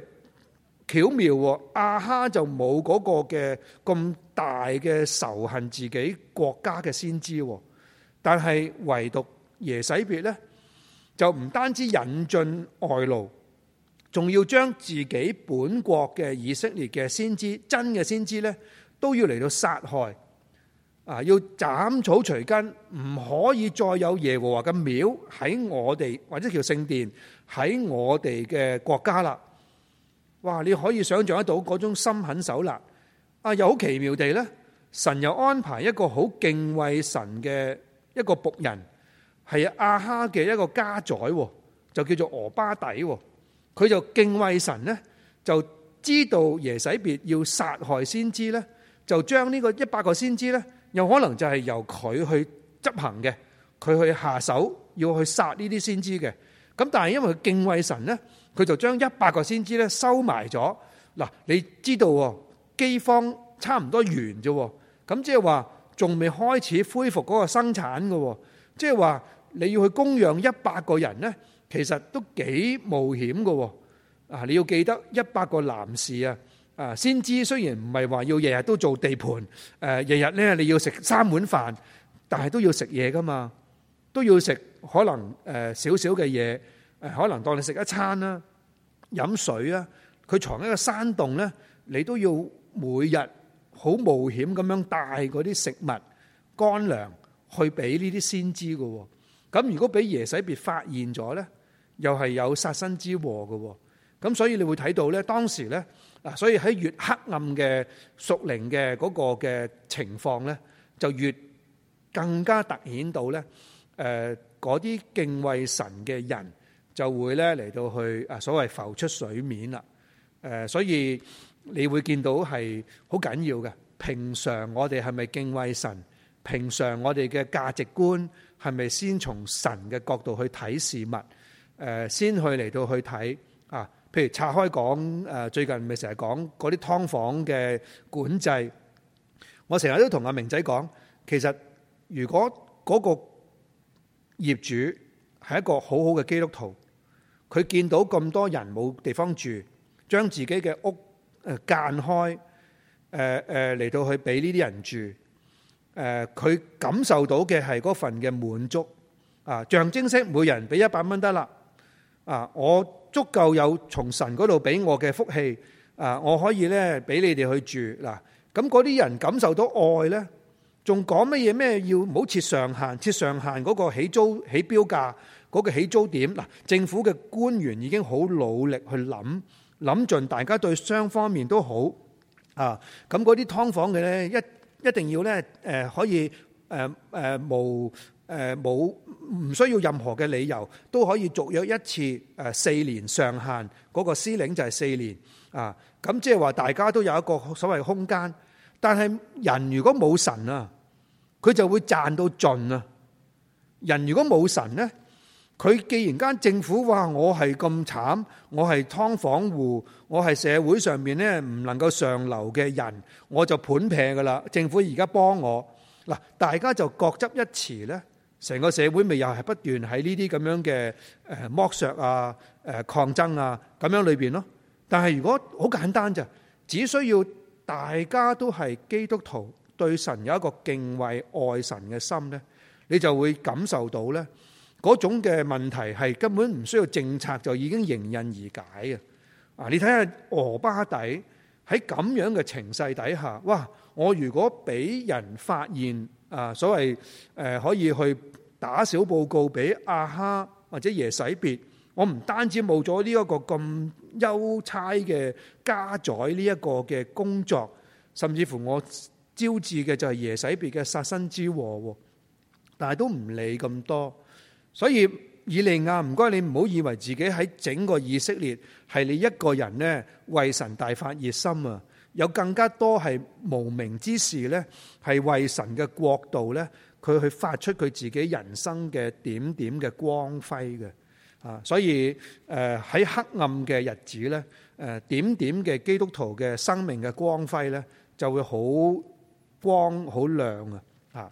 巧妙喎，亞哈就冇嗰個嘅咁大嘅仇恨自己國家嘅先知，但係唯獨耶洗別咧，就唔單止引進外勞，仲要將自己本國嘅以色列嘅先知，真嘅先知咧，都要嚟到殺害，啊，要斬草除根，唔可以再有耶和華嘅廟喺我哋或者叫聖殿喺我哋嘅國家啦。哇！你可以想象得到嗰種心狠手辣。啊，又好奇妙地咧，神又安排一個好敬畏神嘅一個僕人，係亞哈嘅一個家宰，就叫做俄巴底。佢就敬畏神咧，就知道耶洗別要殺害先知咧，就將呢個一百個先知咧，有可能就係由佢去執行嘅，佢去下手要去殺呢啲先知嘅。咁但係因為敬畏神咧。佢就將一百個先知咧收埋咗。嗱，你知道喎，饑荒差唔多完啫。咁即係話仲未開始恢復嗰個生產嘅。即係話你要去供養一百個人呢，其實都幾冒險嘅。啊，你要記得一百個男士啊，啊，先知雖然唔係話要日日都做地盤，誒，日日咧你要食三碗飯，但係都要食嘢噶嘛，都要食可能誒少少嘅嘢。誒，可能當你食一餐啦、飲水啦，佢藏喺個山洞咧，你都要每日好冒險咁樣帶嗰啲食物乾糧去俾呢啲先知嘅。咁如果俾耶洗別發現咗咧，又係有殺身之禍嘅。咁所以你會睇到咧，當時咧，嗱，所以喺越黑暗嘅屬靈嘅嗰個嘅情況咧，就越更加突顯到咧，誒嗰啲敬畏神嘅人。就會咧嚟到去啊，所謂浮出水面啦。誒，所以你會見到係好緊要嘅。平常我哋係咪敬畏神？平常我哋嘅價值觀係咪先從神嘅角度去睇事物？誒，先去嚟到去睇啊。譬如拆開講，誒最近咪成日講嗰啲劏房嘅管制。我成日都同阿明仔講，其實如果嗰個業主係一個好好嘅基督徒。佢見到咁多人冇地方住，將自己嘅屋，誒間開，誒誒嚟到去俾呢啲人住。誒佢感受到嘅係嗰份嘅滿足啊！象徵式每人俾一百蚊得啦。啊，我足夠有從神嗰度俾我嘅福氣啊！我可以咧俾你哋去住嗱。咁嗰啲人感受到愛咧，仲講乜嘢？咩要唔好設上限？設上限嗰個起租起標價。嗰個起租點嗱，政府嘅官員已經好努力去諗諗盡，大家對雙方面都好啊。咁嗰啲劏房嘅咧，一一定要咧，誒可以誒誒冇誒冇唔需要任何嘅理由，都可以續約一次誒四年上限，嗰個司令就係四年啊。咁即係話大家都有一個所謂空間，但係人如果冇神啊，佢就會賺到盡啊。人如果冇神咧？佢既然間政府話我係咁慘，我係劏房戶，我係社會上面咧唔能夠上流嘅人，我就盤平噶啦。政府而家幫我嗱，大家就各執一詞咧。成個社會咪又係不斷喺呢啲咁樣嘅誒剝削啊、誒抗爭啊咁樣裏邊咯。但係如果好簡單啫，只需要大家都係基督徒，對神有一個敬畏愛神嘅心咧，你就會感受到咧。嗰種嘅問題係根本唔需要政策就已經迎刃而解啊！啊，你睇下俄巴底喺咁樣嘅情勢底下，哇！我如果俾人發現啊，所謂誒可以去打小報告俾阿哈或者耶洗別，我唔單止冇咗呢一個咁優差嘅家宰呢一個嘅工作，甚至乎我招致嘅就係耶洗別嘅殺身之禍喎。但係都唔理咁多。所以以利亞，唔該你唔好以為自己喺整個以色列係你一個人呢，為神大發熱心啊！有更加多係無名之士呢，係為神嘅國度呢，佢去發出佢自己人生嘅點點嘅光輝嘅啊！所以誒喺黑暗嘅日子呢，誒點點嘅基督徒嘅生命嘅光輝呢，就會好光好亮啊！啊！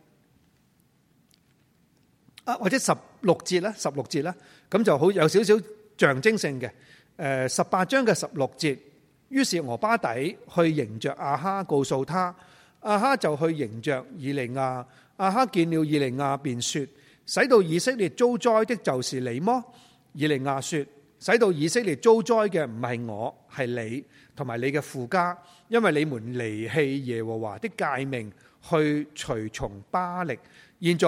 啊，或者十六節啦，十六節啦，咁就好有少少象徵性嘅。誒，十八章嘅十六節。於是俄巴底去迎着阿哈，告訴他，阿哈就去迎着以利亞。阿哈見了以利亞，便説：使到以色列遭災的，就是你麼？以利亞説：使到以色列遭災嘅，唔係我，係你同埋你嘅父家，因為你們離棄耶和華的誡命，去隨從巴力。現在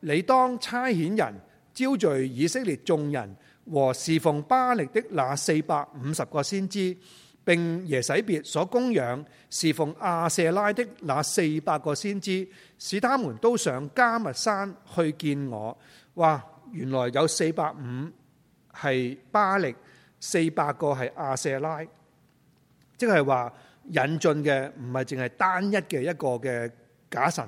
你當差遣人招聚以色列眾人和侍奉巴力的那四百五十個先知，並耶洗別所供養侍奉亞舍拉的那四百個先知，使他們都上迦密山去見我。哇！原來有四百五係巴力，四百個係亞舍拉，即係話引進嘅唔係淨係單一嘅一個嘅假神。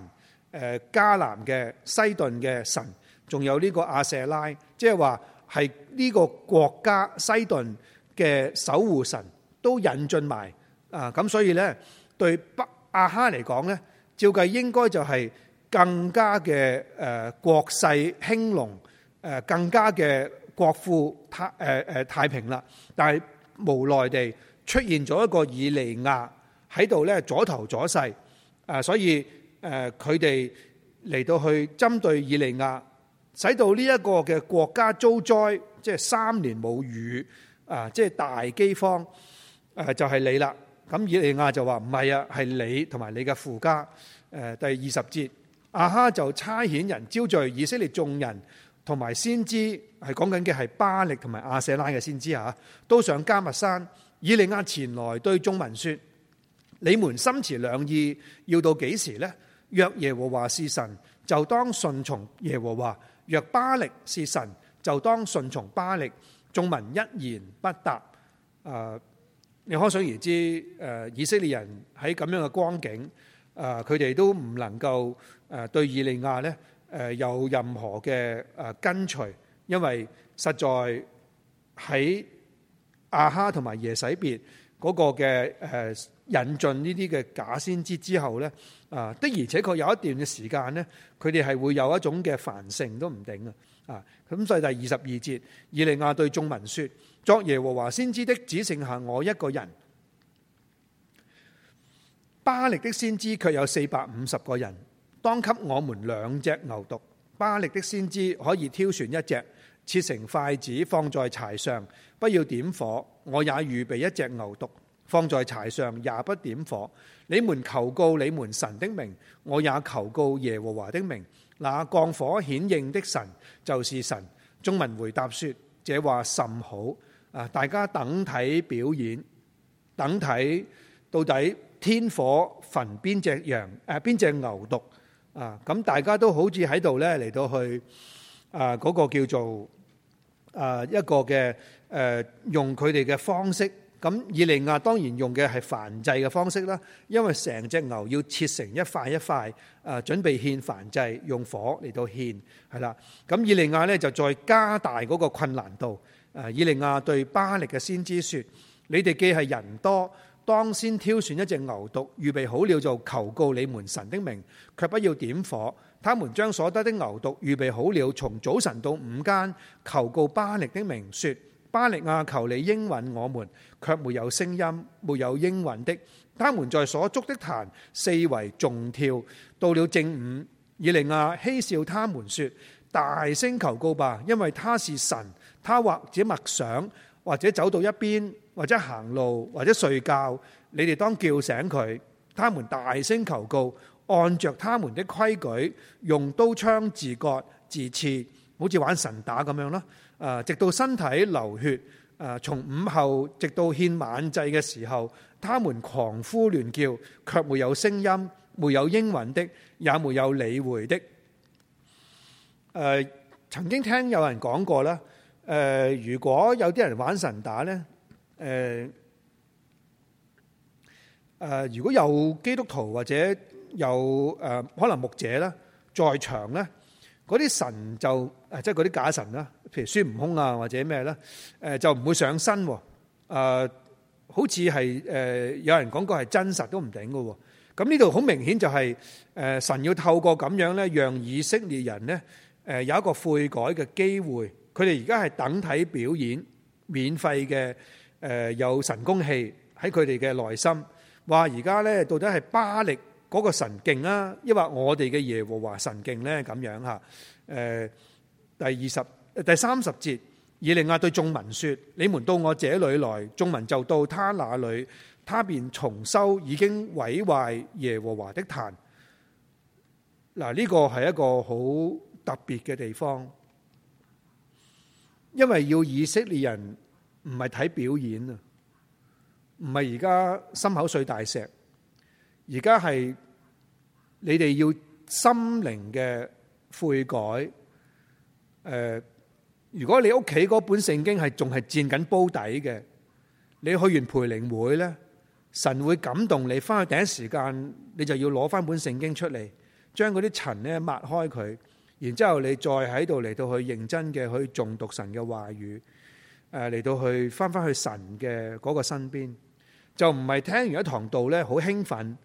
誒迦南嘅西頓嘅神，仲有呢個阿舍拉，即係話係呢個國家西頓嘅守護神，都引進埋啊！咁所以呢，對北亞哈嚟講呢，照計應該就係更加嘅誒國勢興隆，誒更加嘅國富太誒誒太平啦。但係無奈地出現咗一個以利亞喺度咧阻頭阻勢啊，所以。誒佢哋嚟到去針對以利亞，使到呢一個嘅國家遭災，即係三年冇雨、就是、啊！即係大饑荒，誒就係你啦。咁以利亞就話唔係啊，係你同埋你嘅父家。誒第二十節，亞哈就差遣人招聚以色列眾人同埋先知，係講緊嘅係巴力同埋亞舍拉嘅先知啊，都上加密山。以利亞前來對眾民説：你們心持兩意，要到幾時呢？」若耶和華是神，就當順從耶和華；若巴力是神，就當順從巴力。眾民一言不答。啊，你可想而知，誒、啊，以色列人喺咁樣嘅光景，啊，佢哋都唔能夠誒、啊、對以利亞呢，誒、啊、有任何嘅誒、啊、跟隨，因為實在喺亞哈同埋耶洗別嗰個嘅誒。啊引進呢啲嘅假先知之後呢，啊，的而且確有一段嘅時間呢，佢哋係會有一種嘅繁盛都唔定啊！啊，咁，所以第二十二節，以利亞對眾民説：作耶和華先知的只剩下我一個人。巴力的先知卻有四百五十個人，當給我們兩隻牛犢。巴力的先知可以挑選一隻，切成筷子放在柴上，不要點火。我也預備一隻牛犢。放在柴上也不點火，你們求告你們神的名，我也求告耶和華的名。那降火顯應的神就是神。中文回答說：這話甚好。啊，大家等睇表演，等睇到底天火焚邊隻羊，誒邊隻牛犢。啊，咁大家都好似喺度呢嚟到去啊嗰個叫做啊一個嘅誒用佢哋嘅方式。咁以利亞當然用嘅係燔祭嘅方式啦，因為成隻牛要切成一塊一塊，誒準備獻燔祭，用火嚟到獻，係啦。咁以利亞呢，就再加大嗰個困難度，誒以利亞對巴力嘅先知説：你哋既係人多，當先挑選一隻牛犢，預備好了就求告你們神的名，卻不要點火。他們將所得的牛犢預備好了，從早晨到午間求告巴力的名，説。巴力亞求你應允我們，卻沒有聲音，沒有應允的。他們在所築的壇四圍重跳。到了正午，以利亞嬉笑他們説：大聲求告吧，因為他是神。他或者默想，或者走到一邊，或者行路，或者睡覺。你哋當叫醒佢。他們大聲求告，按着他們的規矩，用刀槍自割自刺，好似玩神打咁樣咯。啊！直到身體流血，啊，從午後直到獻晚祭嘅時候，他們狂呼亂叫，卻沒有聲音，沒有應允的，也沒有理會的。誒，曾經聽有人講過啦。誒，如果有啲人玩神打咧，誒誒，如果有基督徒或者有誒可能牧者咧在場咧，嗰啲神就誒，即係嗰啲假神啦。譬如孫悟空啊，或者咩咧？誒，就唔會上身，誒，好似係誒，有人講過係真實都唔頂噶。咁呢度好明顯就係誒，神要透過咁樣咧，讓以色列人咧，誒，有一個悔改嘅機會。佢哋而家係等睇表演，免費嘅，誒，有神功戲喺佢哋嘅內心。話而家咧，到底係巴力嗰個神勁啊，抑或我哋嘅耶和華神勁咧？咁樣吓，誒，第二十。第三十節，以利亞對眾民說：你們到我這裏來，眾民就到他那裏，他便重修已經毀壞耶和華的壇。嗱，呢個係一個好特別嘅地方，因為要以色列人唔係睇表演啊，唔係而家心口碎大石，而家係你哋要心靈嘅悔改，誒、呃。如果你屋企嗰本聖經係仲係佔緊煲底嘅，你去完培靈會咧，神會感動你，翻去第一時間你就要攞翻本聖經出嚟，將嗰啲塵咧抹開佢，然之後你再喺度嚟到去認真嘅去誦讀神嘅話語，誒嚟到去翻翻去神嘅嗰個身邊，就唔係聽完一堂道咧好興奮，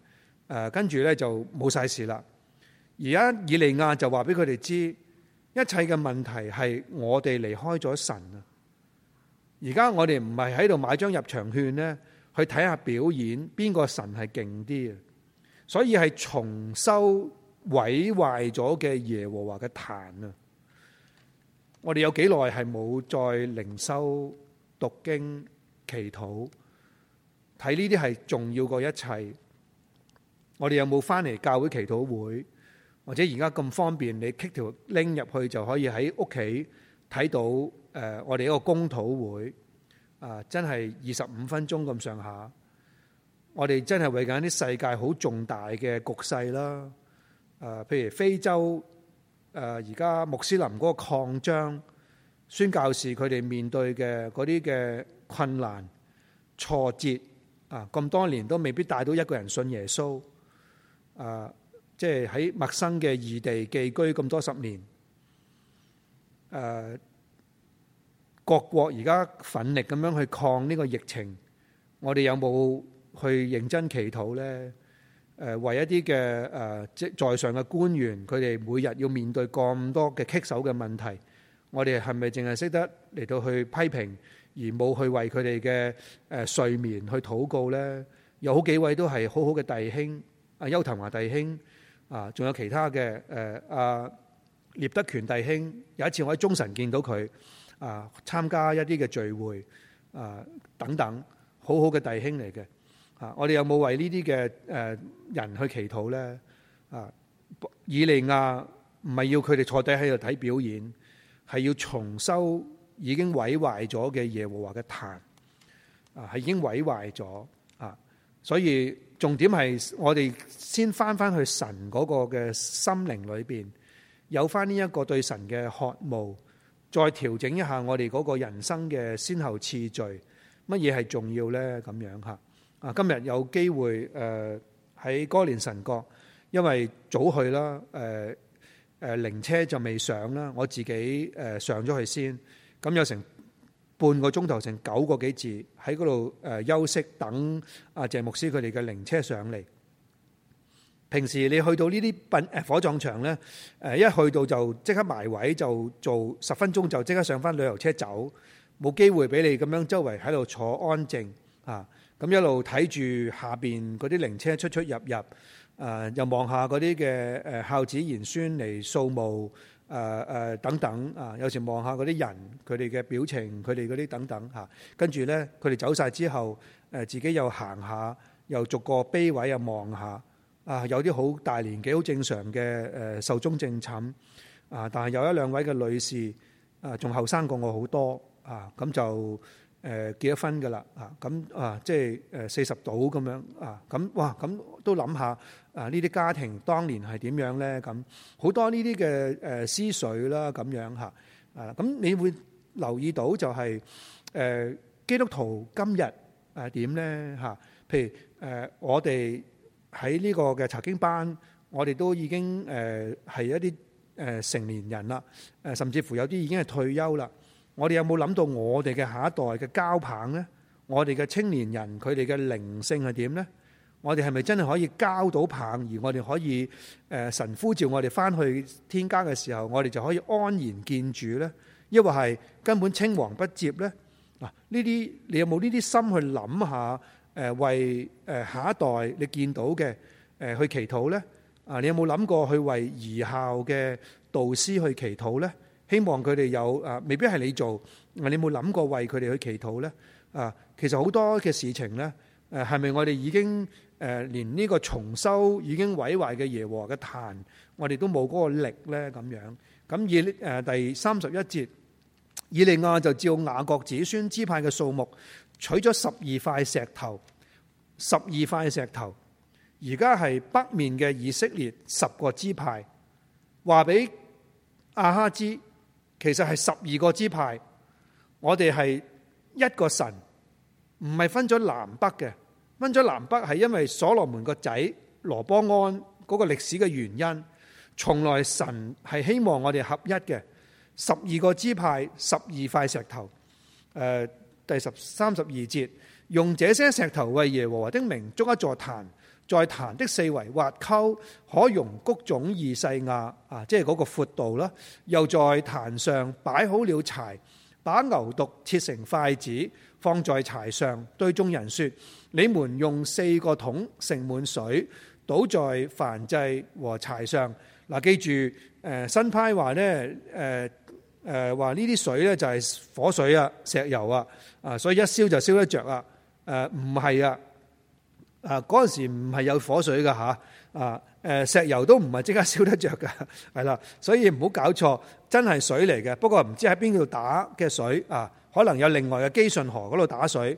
誒跟住咧就冇晒事啦。而家以利亞就話俾佢哋知。一切嘅問題係我哋離開咗神啊！而家我哋唔係喺度買張入場券咧，去睇下表演邊個神係勁啲啊！所以係重修毀壞咗嘅耶和華嘅壇啊！我哋有幾耐係冇再靈修、讀經、祈禱、睇呢啲係重要過一切。我哋有冇翻嚟教會祈禱會？或者而家咁方便，你 click 條拎入去就可以喺屋企睇到誒、呃，我哋一個公討會啊、呃，真係二十五分鐘咁上下。我哋真係為緊啲世界好重大嘅局勢啦，誒、呃，譬如非洲誒，而、呃、家穆斯林嗰個擴張，宣教士佢哋面對嘅嗰啲嘅困難挫折啊，咁、呃、多年都未必帶到一個人信耶穌啊。呃即係喺陌生嘅異地寄居咁多十年，誒、呃，各國國而家奮力咁樣去抗呢個疫情，我哋有冇去認真祈禱咧？誒、呃，為一啲嘅誒即在上嘅官員，佢哋每日要面對咁多嘅棘手嘅問題，我哋係咪淨係識得嚟到去批評，而冇去為佢哋嘅誒睡眠去禱告咧？有好幾位都係好好嘅弟兄，阿邱騰華弟兄。啊，仲有其他嘅，誒啊，聶德權弟兄，有一次我喺中神見到佢，啊，參加一啲嘅聚會，啊，等等，很好好嘅弟兄嚟嘅，我哋有冇為呢啲嘅誒人去祈禱咧？啊，以利亞唔係要佢哋坐低喺度睇表演，係要重修已經毀壞咗嘅耶和華嘅壇，啊，係已經毀壞咗。所以重點係我哋先返返去神嗰個嘅心靈裏邊，有返呢一個對神嘅渴慕，再調整一下我哋嗰個人生嘅先後次序，乜嘢係重要呢？咁樣吓啊！今日有機會誒喺歌連臣角，因為早去啦，誒誒靈車就未上啦，我自己誒上咗去先，咁有成半個鐘頭，成九個幾字喺嗰度誒休息，等阿謝牧師佢哋嘅靈車上嚟。平時你去到呢啲殯，誒火葬場咧，誒一去到就即刻埋位，就做十分鐘就即刻上翻旅遊車走，冇機會俾你咁樣周圍喺度坐安靜啊，咁一路睇住下邊嗰啲靈車出出入入，誒、啊、又望下嗰啲嘅誒孝子賢孫嚟掃墓。誒誒等等啊！有時望下嗰啲人，佢哋嘅表情，佢哋嗰啲等等吓。跟住呢，佢哋走晒之後，誒自己又行下，又逐個碑位又望下。啊，有啲好大年紀，好正常嘅誒壽終正寢。啊，但係有一兩位嘅女士啊，仲後生過我好多啊，咁就誒結咗婚㗎啦啊，咁啊即係誒四十度咁樣啊，咁哇咁都諗下。啊！呢啲家庭當年係點樣咧？咁好多呢啲嘅誒思緒啦，咁樣嚇啊！咁、啊、你會留意到就係、是、誒、啊、基督徒今日誒點咧嚇？譬如誒、啊、我哋喺呢個嘅查經班，我哋都已經誒係、啊、一啲誒成年人啦，誒、啊、甚至乎有啲已經係退休啦。我哋有冇諗到我哋嘅下一代嘅交棒咧？我哋嘅青年人佢哋嘅靈性係點咧？我哋係咪真係可以交到棒？而我哋可以誒神呼召我哋翻去天家嘅時候，我哋就可以安然見主呢？抑或係根本青黃不接呢？嗱，呢啲你有冇呢啲心去諗下？誒，為誒下一代你見到嘅誒去祈禱呢？啊，你有冇諗過去為兒孝嘅導師去祈禱呢？希望佢哋有啊，未必係你做，你有冇諗過為佢哋去祈禱呢？啊，其實好多嘅事情呢，誒係咪我哋已經？誒，連呢個重修已經毀壞嘅耶和華嘅壇，我哋都冇嗰個力呢。咁樣。咁以誒、呃、第三十一節，以利亞就照雅各子孫支派嘅數目，取咗十二塊石頭。十二塊石頭，而家係北面嘅以色列十個支派，話俾亞哈知，其實係十二個支派。我哋係一個神，唔係分咗南北嘅。分咗南北係因為所羅門個仔羅波安嗰個歷史嘅原因。從來神係希望我哋合一嘅十二個支派，十二塊石頭。誒，第十三十二節，用這些石頭為耶和華的名築一座壇，在壇的四圍挖溝，可容谷種以世亞二細亞啊，即係嗰個闊度啦。又在壇上擺好了柴，把牛犢切成筷子，放在柴上，對眾人說。你們用四個桶盛滿水，倒在燔祭和柴上。嗱，記住，誒新派話咧，誒誒話呢啲水呢，就係火水啊、石油啊，啊，所以一燒就燒得着啊。誒唔係啊，啊嗰陣時唔係有火水㗎吓，啊誒石油都唔係即刻燒得着㗎，係喇，所以唔好搞錯，真係水嚟嘅。不過唔知喺邊度打嘅水啊，可能有另外嘅基順河嗰度打水。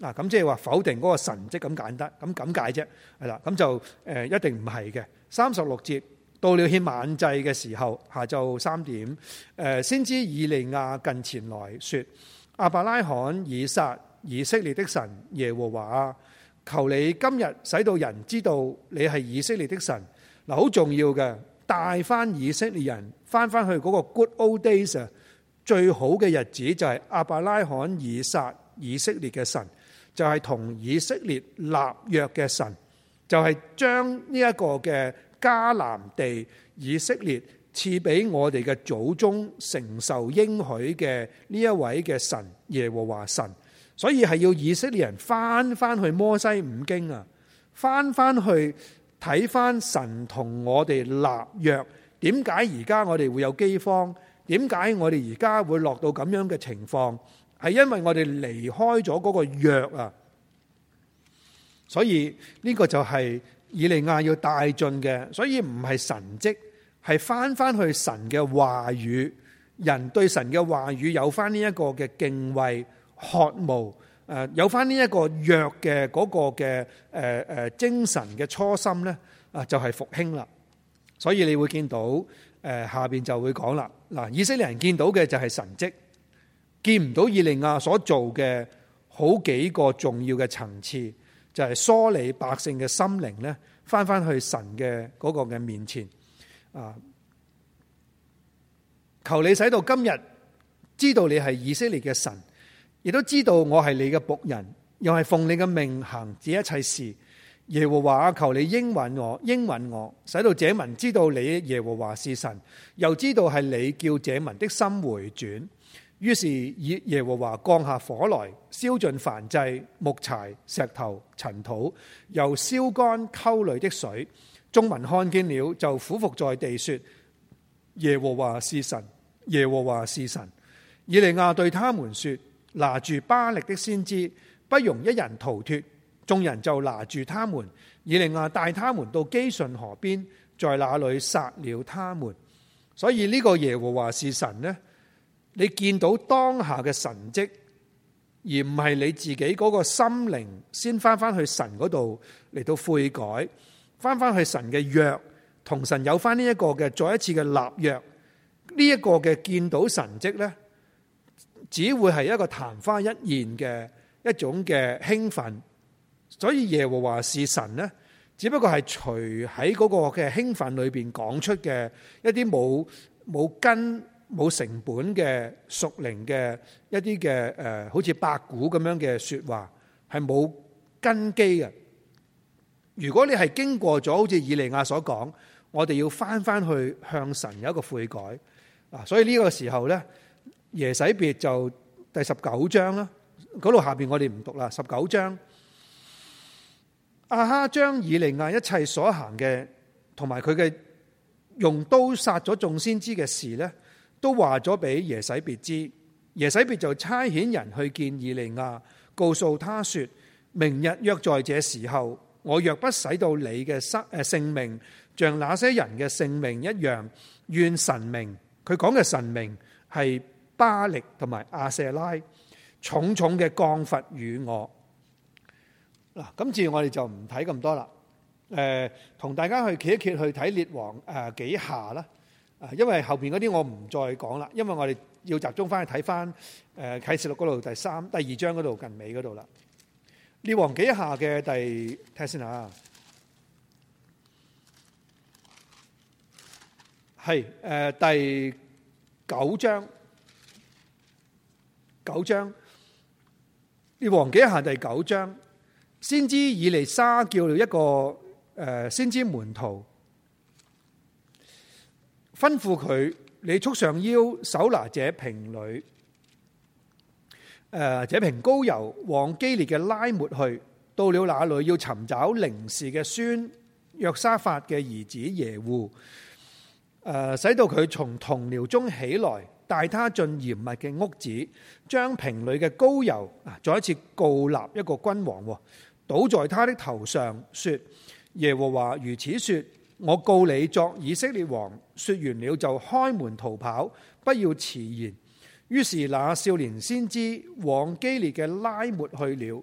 嗱，咁即係話否定嗰個神跡咁簡單，咁咁解啫，係啦，咁就誒一定唔係嘅。三十六節到了獻晚祭嘅時候，下晝三點，誒先知以利亞近前來說：「阿伯拉罕以撒以色列的神耶和華啊，求你今日使到人知道你係以色列的神。」嗱，好重要嘅，帶翻以色列人翻翻去嗰個 good old days。最好嘅日子就係阿伯拉罕以撒以色列嘅神。就係同以色列立約嘅神，就係將呢一個嘅迦南地以色列賜俾我哋嘅祖宗承受應許嘅呢一位嘅神耶和華神，所以係要以色列人翻翻去摩西五經啊，翻翻去睇翻神同我哋立約，點解而家我哋會有饑荒？點解我哋而家會落到咁樣嘅情況？係因為我哋離開咗嗰個約啊，所以呢個就係以利亞要帶進嘅，所以唔係神蹟，係翻翻去神嘅話語，人對神嘅話語有翻呢一個嘅敬畏、渴慕，誒有翻呢一個約嘅嗰個嘅誒誒精神嘅初心呢，啊就係、是、復興啦。所以你會見到誒下邊就會講啦，嗱，以色列人見到嘅就係神蹟。見唔到以利亞所做嘅好幾個重要嘅層次，就係梳理百姓嘅心靈呢，翻返去神嘅嗰個嘅面前啊！求你使到今日知道你係以色列嘅神，亦都知道我係你嘅僕人，又係奉你嘅命行這一切事。耶和華啊，求你應允我，應允我，使到這民知道你耶和華是神，又知道係你叫這民的心回轉。於是以耶和華降下火來，燒盡燔祭木柴、石頭、塵土，又燒乾溝裏的水。眾民看見了，就俯伏在地說：耶和華是神，耶和華是神。以利亞對他們說：拿住巴力的先知，不容一人逃脱。眾人就拿住他們，以利亞帶他們到基順河邊，在那裏殺了他們。所以呢個耶和華是神呢？你見到當下嘅神蹟，而唔係你自己嗰個心靈先翻翻去神嗰度嚟到悔改，翻翻去神嘅約，同神有翻呢一個嘅再一次嘅立約，呢一個嘅見到神蹟呢，只會係一個曇花一現嘅一種嘅興奮。所以耶和華是神呢，只不過係隨喺嗰個嘅興奮裏邊講出嘅一啲冇冇根。冇成本嘅熟齡嘅一啲嘅誒，好似白古咁樣嘅說話，係冇根基嘅。如果你係經過咗好似以利亞所講，我哋要翻翻去向神有一個悔改啊！所以呢個時候咧，耶洗別就第十九章啦，嗰度下邊我哋唔讀啦。十九章，亞哈將以利亞一切所行嘅，同埋佢嘅用刀殺咗眾先知嘅事咧。都話咗俾耶洗別知，耶洗別就差遣人去見以利亞，告訴他說：明日約在這時候，我若不使到你嘅生誒性命像那些人嘅性命一樣，願神明。佢講嘅神明係巴力同埋阿舍拉，重重嘅降罰與我。嗱，今次我哋就唔睇咁多啦。誒、呃，同大家去揭一揭去睇列王誒、呃、幾下啦。啊，因為後邊嗰啲我唔再講啦，因為我哋要集中翻去睇翻誒《啟示錄》嗰度第三、第二章嗰度近尾嗰度啦。列王紀下嘅第睇先啊，係誒第九章，九章列王紀下第九章，先知以利沙叫了一個誒先知門徒。吩咐佢：你束上腰，手拿這瓶裏。誒、呃，這瓶膏油往基列嘅拉末去。到了那裏要尋找寧示嘅孫約沙發嘅兒子耶戶，誒、呃，使到佢從同僚中起來，帶他進嚴密嘅屋子，將瓶裏嘅膏油啊，再一次膏立一個君王，哦，倒在他的頭上，說：耶說「耶和華如此說。」我告你作以色列王，說完了就開門逃跑，不要遲延。於是那少年先知往基列嘅拉末去了。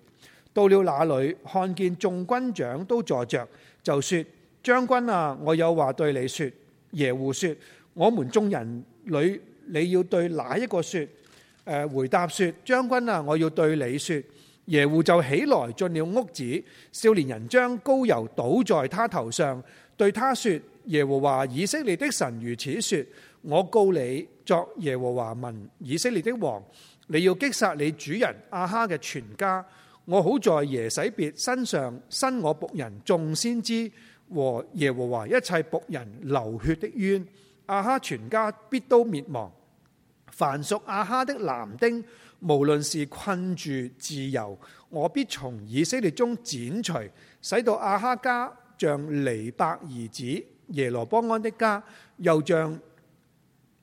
到了那裏，看見眾軍長都坐着，就說：將軍啊，我有話對你說。耶戶說：我們眾人裏，你要對哪一個說？回答說：將軍啊，我要對你說。耶戶就起來進了屋子，少年人將膏油倒在他頭上。對他說：耶和華以色列的神如此說：我告你作耶和華民以色列的王，你要擊殺你主人阿哈嘅全家。我好在耶洗別身上伸我僕人眾先知和耶和華一切僕人流血的冤，阿哈全家必都滅亡。凡屬阿哈的男丁，無論是困住自由，我必從以色列中剪除，使到阿哈家。像尼伯兒子耶羅波安的家，又像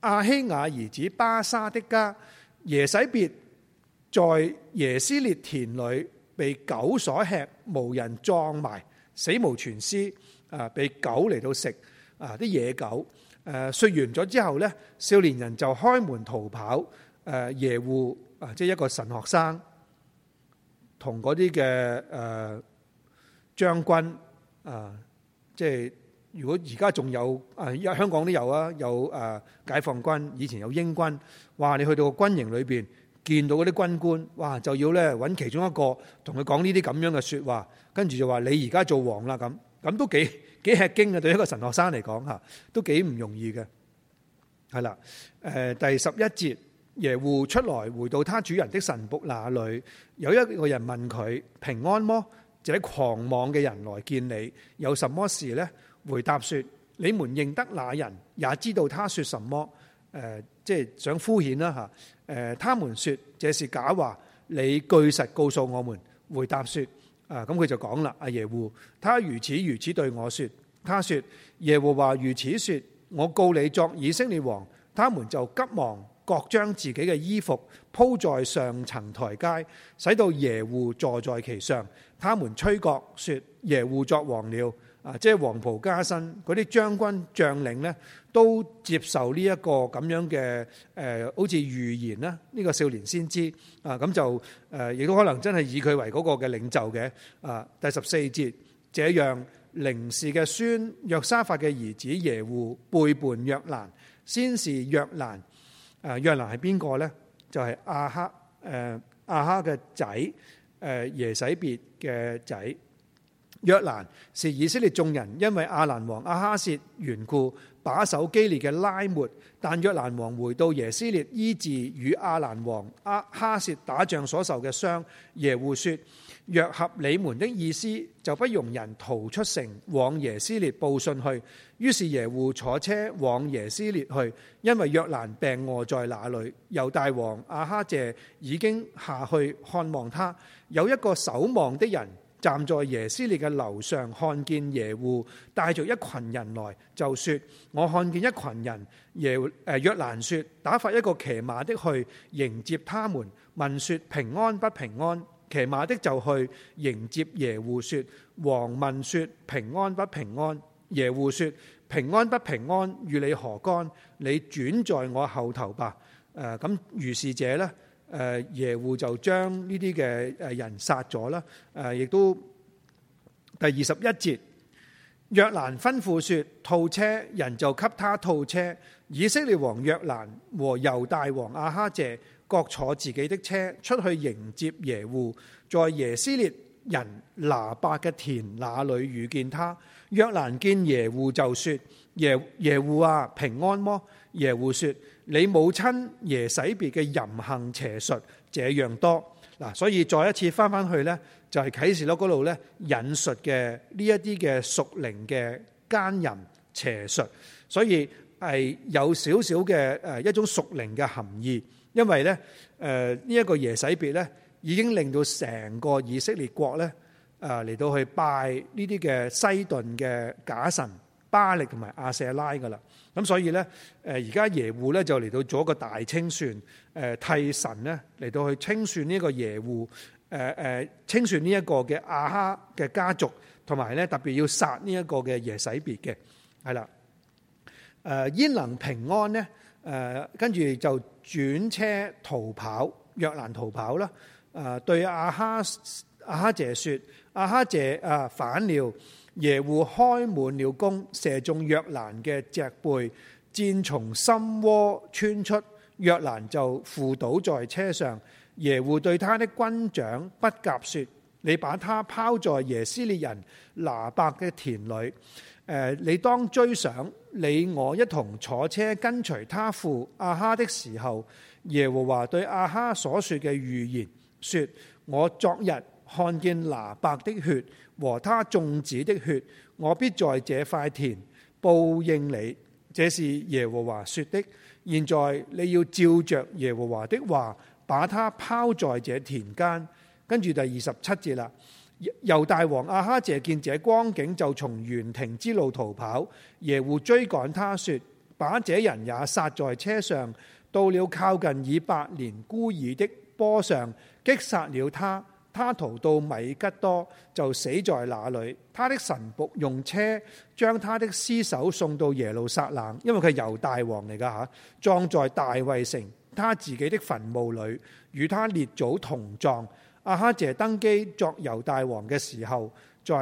亞希雅兒子巴沙的家。耶洗別在耶斯列田裏被狗所吃，無人葬埋，死無全屍。啊，被狗嚟到食啊，啲野狗。誒，說完咗之後咧，少年人就開門逃跑。誒，耶戶啊，即係一個神學生，同嗰啲嘅誒將軍。啊，即係如果而家仲有啊，香港都有啊，有啊，解放軍，以前有英軍，哇！你去到軍營裏邊，見到嗰啲軍官，哇，就要咧揾其中一個同佢講呢啲咁樣嘅説話，跟住就話你而家做王啦咁，咁都幾幾吃驚嘅，對一個神學生嚟講吓，都幾唔容易嘅。係啦，誒、啊、第十一節耶戶出來回到他主人的神僕那裏，有一個人問佢平安麼？這狂妄嘅人來見你，有什麼事呢？回答說：你們認得那人，也知道他說什麼。誒、呃，即係想敷衍啦吓。誒、呃，他們說這是假話。你據實告訴我們。回答說：啊，咁佢就講啦，阿耶戶，他如此如此對我說。他說：耶和華如此說，我膏你作以色列王。他們就急忙各將自己嘅衣服鋪在上層台階，使到耶戶坐在其上。他們吹角說耶戶作王了啊，即係黃袍加身。嗰啲將軍將領咧都接受呢一個咁樣嘅，誒，好似預言啦。呢個少年先知啊，咁就誒，亦都可能真係以佢為嗰個嘅領袖嘅啊。第十四節，這樣寧示嘅孫約沙法嘅兒子耶戶背叛約蘭，先是約蘭。啊，約蘭係邊個咧？就係亞哈誒，亞哈嘅仔。耶洗別嘅仔約蘭是以色列眾人因為亞蘭王阿哈薛緣故把守基列嘅拉末，但約蘭王回到耶斯列醫治與亞蘭王阿哈薛打仗所受嘅傷。耶戶說：若合你們的意思，就不容人逃出城往耶斯列報信去。於是耶戶坐車往耶斯列去，因為約蘭病卧在那裡，猶大王阿哈謝已經下去看望他。有一個守望的人站在耶斯列嘅樓上，看見耶戶帶着一群人來，就說：我看見一群人。耶誒約蘭說：打發一個騎馬的去迎接他們。問說：平安不平安？騎馬的就去迎接耶戶，說：王問說：平安不平安？耶戶說：平安不平安？與你何干？你轉在我後頭吧。誒、呃，咁如是者呢？誒耶戶就將呢啲嘅誒人殺咗啦。誒亦都第二十一節，約蘭吩咐說：套車，人就給他套車。以色列王約蘭和猶大王阿哈謝各坐自己的車出去迎接耶戶，在耶斯列人拿伯嘅田那裏遇見他。約蘭見耶戶就說：耶耶戶啊，平安麼？耶戶說。你母親耶洗別嘅淫行邪術這樣多嗱，所以再一次返返去咧，就係啟示錄嗰度咧，引述嘅呢一啲嘅屬靈嘅奸淫邪術，所以係有少少嘅誒一種屬靈嘅含義，因為咧誒呢一個耶洗別咧已經令到成個以色列國咧誒嚟到去拜呢啲嘅西頓嘅假神巴力同埋亞舍拉㗎喇。咁所以咧，誒而家耶戶咧就嚟到做一個大清算，誒替神咧嚟到去清算呢一個耶戶，誒誒清算呢一個嘅亞哈嘅家族，同埋咧特別要殺呢一個嘅耶洗別嘅，係啦，誒焉能平安咧？誒跟住就轉車逃跑，約蘭逃跑啦。誒對亞哈亞哈姐，説，亞哈姐啊反了。耶戶開滿了弓，射中約蘭嘅脊背，箭從心窩穿出，約蘭就負倒在車上。耶戶對他的軍長畢甲說：你把他拋在耶斯列人拿伯嘅田裏。誒、呃，你當追上你我一同坐車跟隨他父阿哈的時候，耶和華對阿哈所說嘅預言，說，我昨日看見拿伯的血。和他種子的血，我必在這塊田報應你。這是耶和華說的。現在你要照着耶和華的話，把他拋在這田間。跟住第二十七節啦，猶大王亞哈謝見這光景，就從園亭之路逃跑。耶戶追趕他，說：把這人也殺在車上。到了靠近以百年孤兒的坡上，擊殺了他。他逃到米吉多就死在那裏，他的臣僕用車將他的屍首送到耶路撒冷，因為佢係猶大王嚟噶吓，葬在大衛城他自己的墳墓裏，與他列祖同葬。亞哈謝登基作猶大王嘅時候，在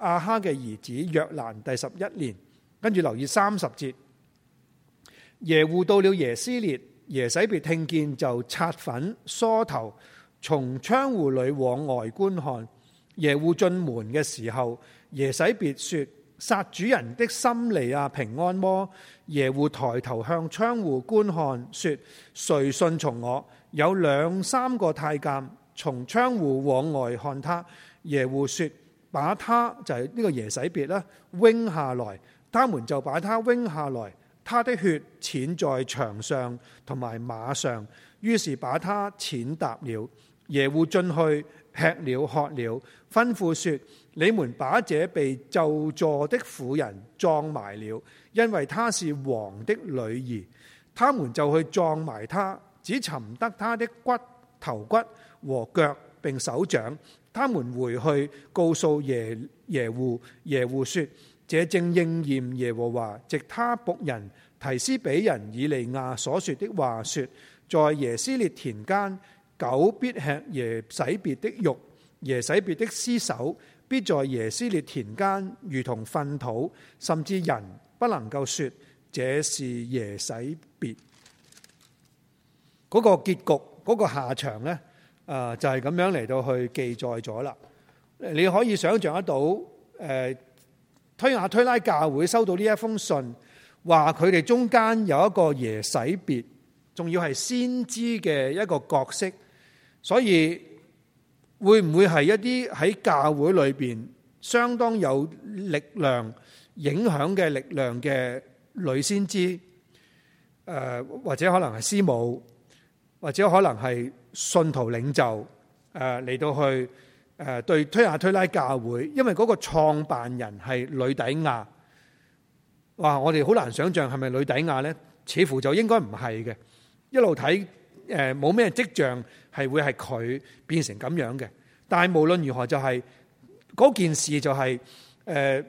亞哈嘅兒子約蘭第十一年。跟住留意三十節，耶戶到了耶斯列，耶洗別聽見就擦粉梳頭。從窗戶裏往外觀看，耶戶進門嘅時候，耶洗別說殺主人的心利啊，平安麼？耶戶抬頭向窗戶觀看，說誰信從我？有兩三個太監從窗戶往外看他，耶戶說把他就係、是、呢個耶洗別啦，扔下來。他們就把他扔下來，他的血濺在牆上同埋馬上，於是把他踐踏了。耶戶進去吃了喝了，吩咐說：你們把這被咒詛的婦人葬埋了，因為她是王的女兒。他們就去葬埋她，只尋得她的骨頭骨和腳並手掌。他們回去告訴耶耶戶，耶戶說：這正應驗耶和華藉他僕人提斯比人以利亞所說的話說，說在耶斯列田間。狗必吃耶洗別的肉，耶洗別的屍首，必在耶斯列田間如同糞土。甚至人不能夠說這是耶洗別。嗰、那個結局，嗰、那個下場呢，誒、呃、就係、是、咁樣嚟到去記載咗啦。你可以想象得到，誒、呃，推雅、啊、推喇教會收到呢一封信，話佢哋中間有一個耶洗別，仲要係先知嘅一個角色。所以會唔會係一啲喺教會裏邊相當有力量影響嘅力量嘅女先知？誒、呃，或者可能係師母，或者可能係信徒領袖，誒嚟、呃、到去誒對、呃、推雅推喇教會，因為嗰個創辦人係呂底亞。哇！我哋好難想像係咪呂底亞呢，似乎就應該唔係嘅。一路睇。誒，冇咩跡象係會係佢變成咁樣嘅，但係無論如何就係、是、嗰件事就係誒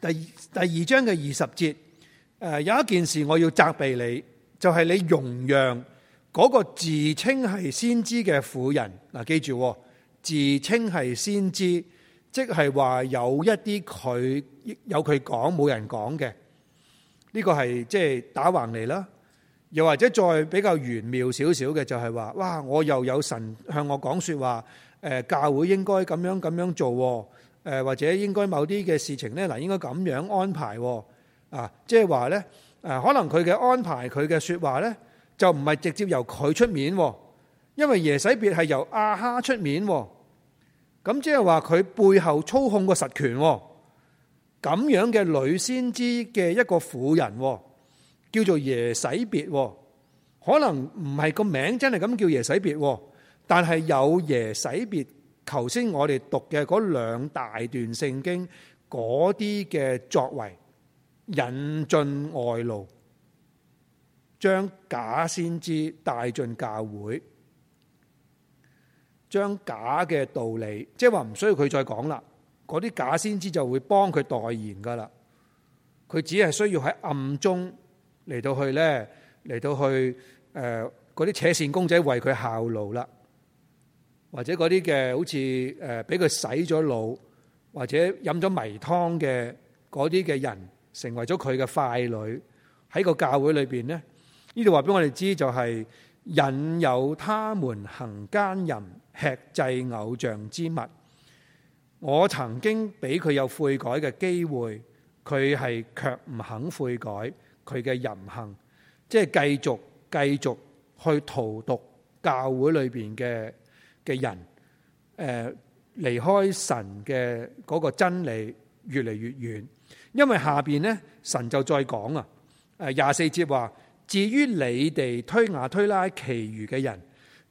第第二章嘅二十節誒、呃、有一件事我要責備你，就係、是、你容讓嗰個自稱係先知嘅婦人嗱、啊，記住喎自稱係先知，即係話有一啲佢有佢講冇人講嘅，呢、這個係即係打橫嚟啦。又或者再比較玄妙少少嘅，就係話：哇！我又有神向我講説話，誒教會應該咁樣咁樣做，誒或者應該某啲嘅事情咧，嗱應該咁樣安排啊！即係話咧，誒可能佢嘅安排佢嘅説話咧，就唔係直接由佢出面，因為耶洗別係由亞哈出面，咁即係話佢背後操控個實權，咁樣嘅女先知嘅一個婦人。叫做耶洗別，可能唔係個名真係咁叫耶洗別，但係有耶洗別。頭先我哋讀嘅嗰兩大段聖經，嗰啲嘅作為，引進外路，將假先知帶進教會，將假嘅道理，即係話唔需要佢再講啦。嗰啲假先知就會幫佢代言噶啦，佢只係需要喺暗中，嚟到去咧，嚟到去誒嗰啲扯線公仔為佢效勞啦，或者嗰啲嘅好似誒俾佢洗咗腦，或者飲咗迷湯嘅嗰啲嘅人，成為咗佢嘅傀儡。喺個教會裏邊咧，呢度話俾我哋知就係引誘他們行奸淫、吃祭偶像之物。我曾經俾佢有悔改嘅機會，佢係卻唔肯悔改。佢嘅淫行，即係繼續繼續去荼毒教會裏邊嘅嘅人，誒離開神嘅嗰個真理越嚟越遠。因為下邊呢，神就再講啊，誒廿四節話，至於你哋推雅推喇，其餘嘅人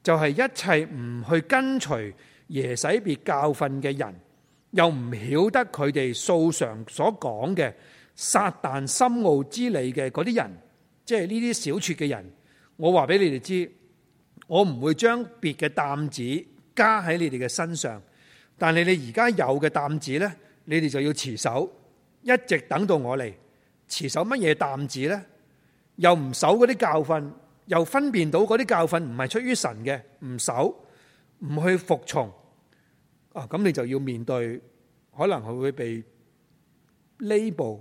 就係、是、一切唔去跟隨耶洗別教訓嘅人，又唔曉得佢哋素常所講嘅。撒旦深奧之理嘅嗰啲人，即係呢啲小撮嘅人，我話俾你哋知，我唔會將別嘅擔子加喺你哋嘅身上，但係你而家有嘅擔子咧，你哋就要持守，一直等到我嚟。持守乜嘢擔子咧？又唔守嗰啲教訓，又分辨到嗰啲教訓唔係出於神嘅，唔守，唔去服從，啊咁你就要面對，可能係會被 label。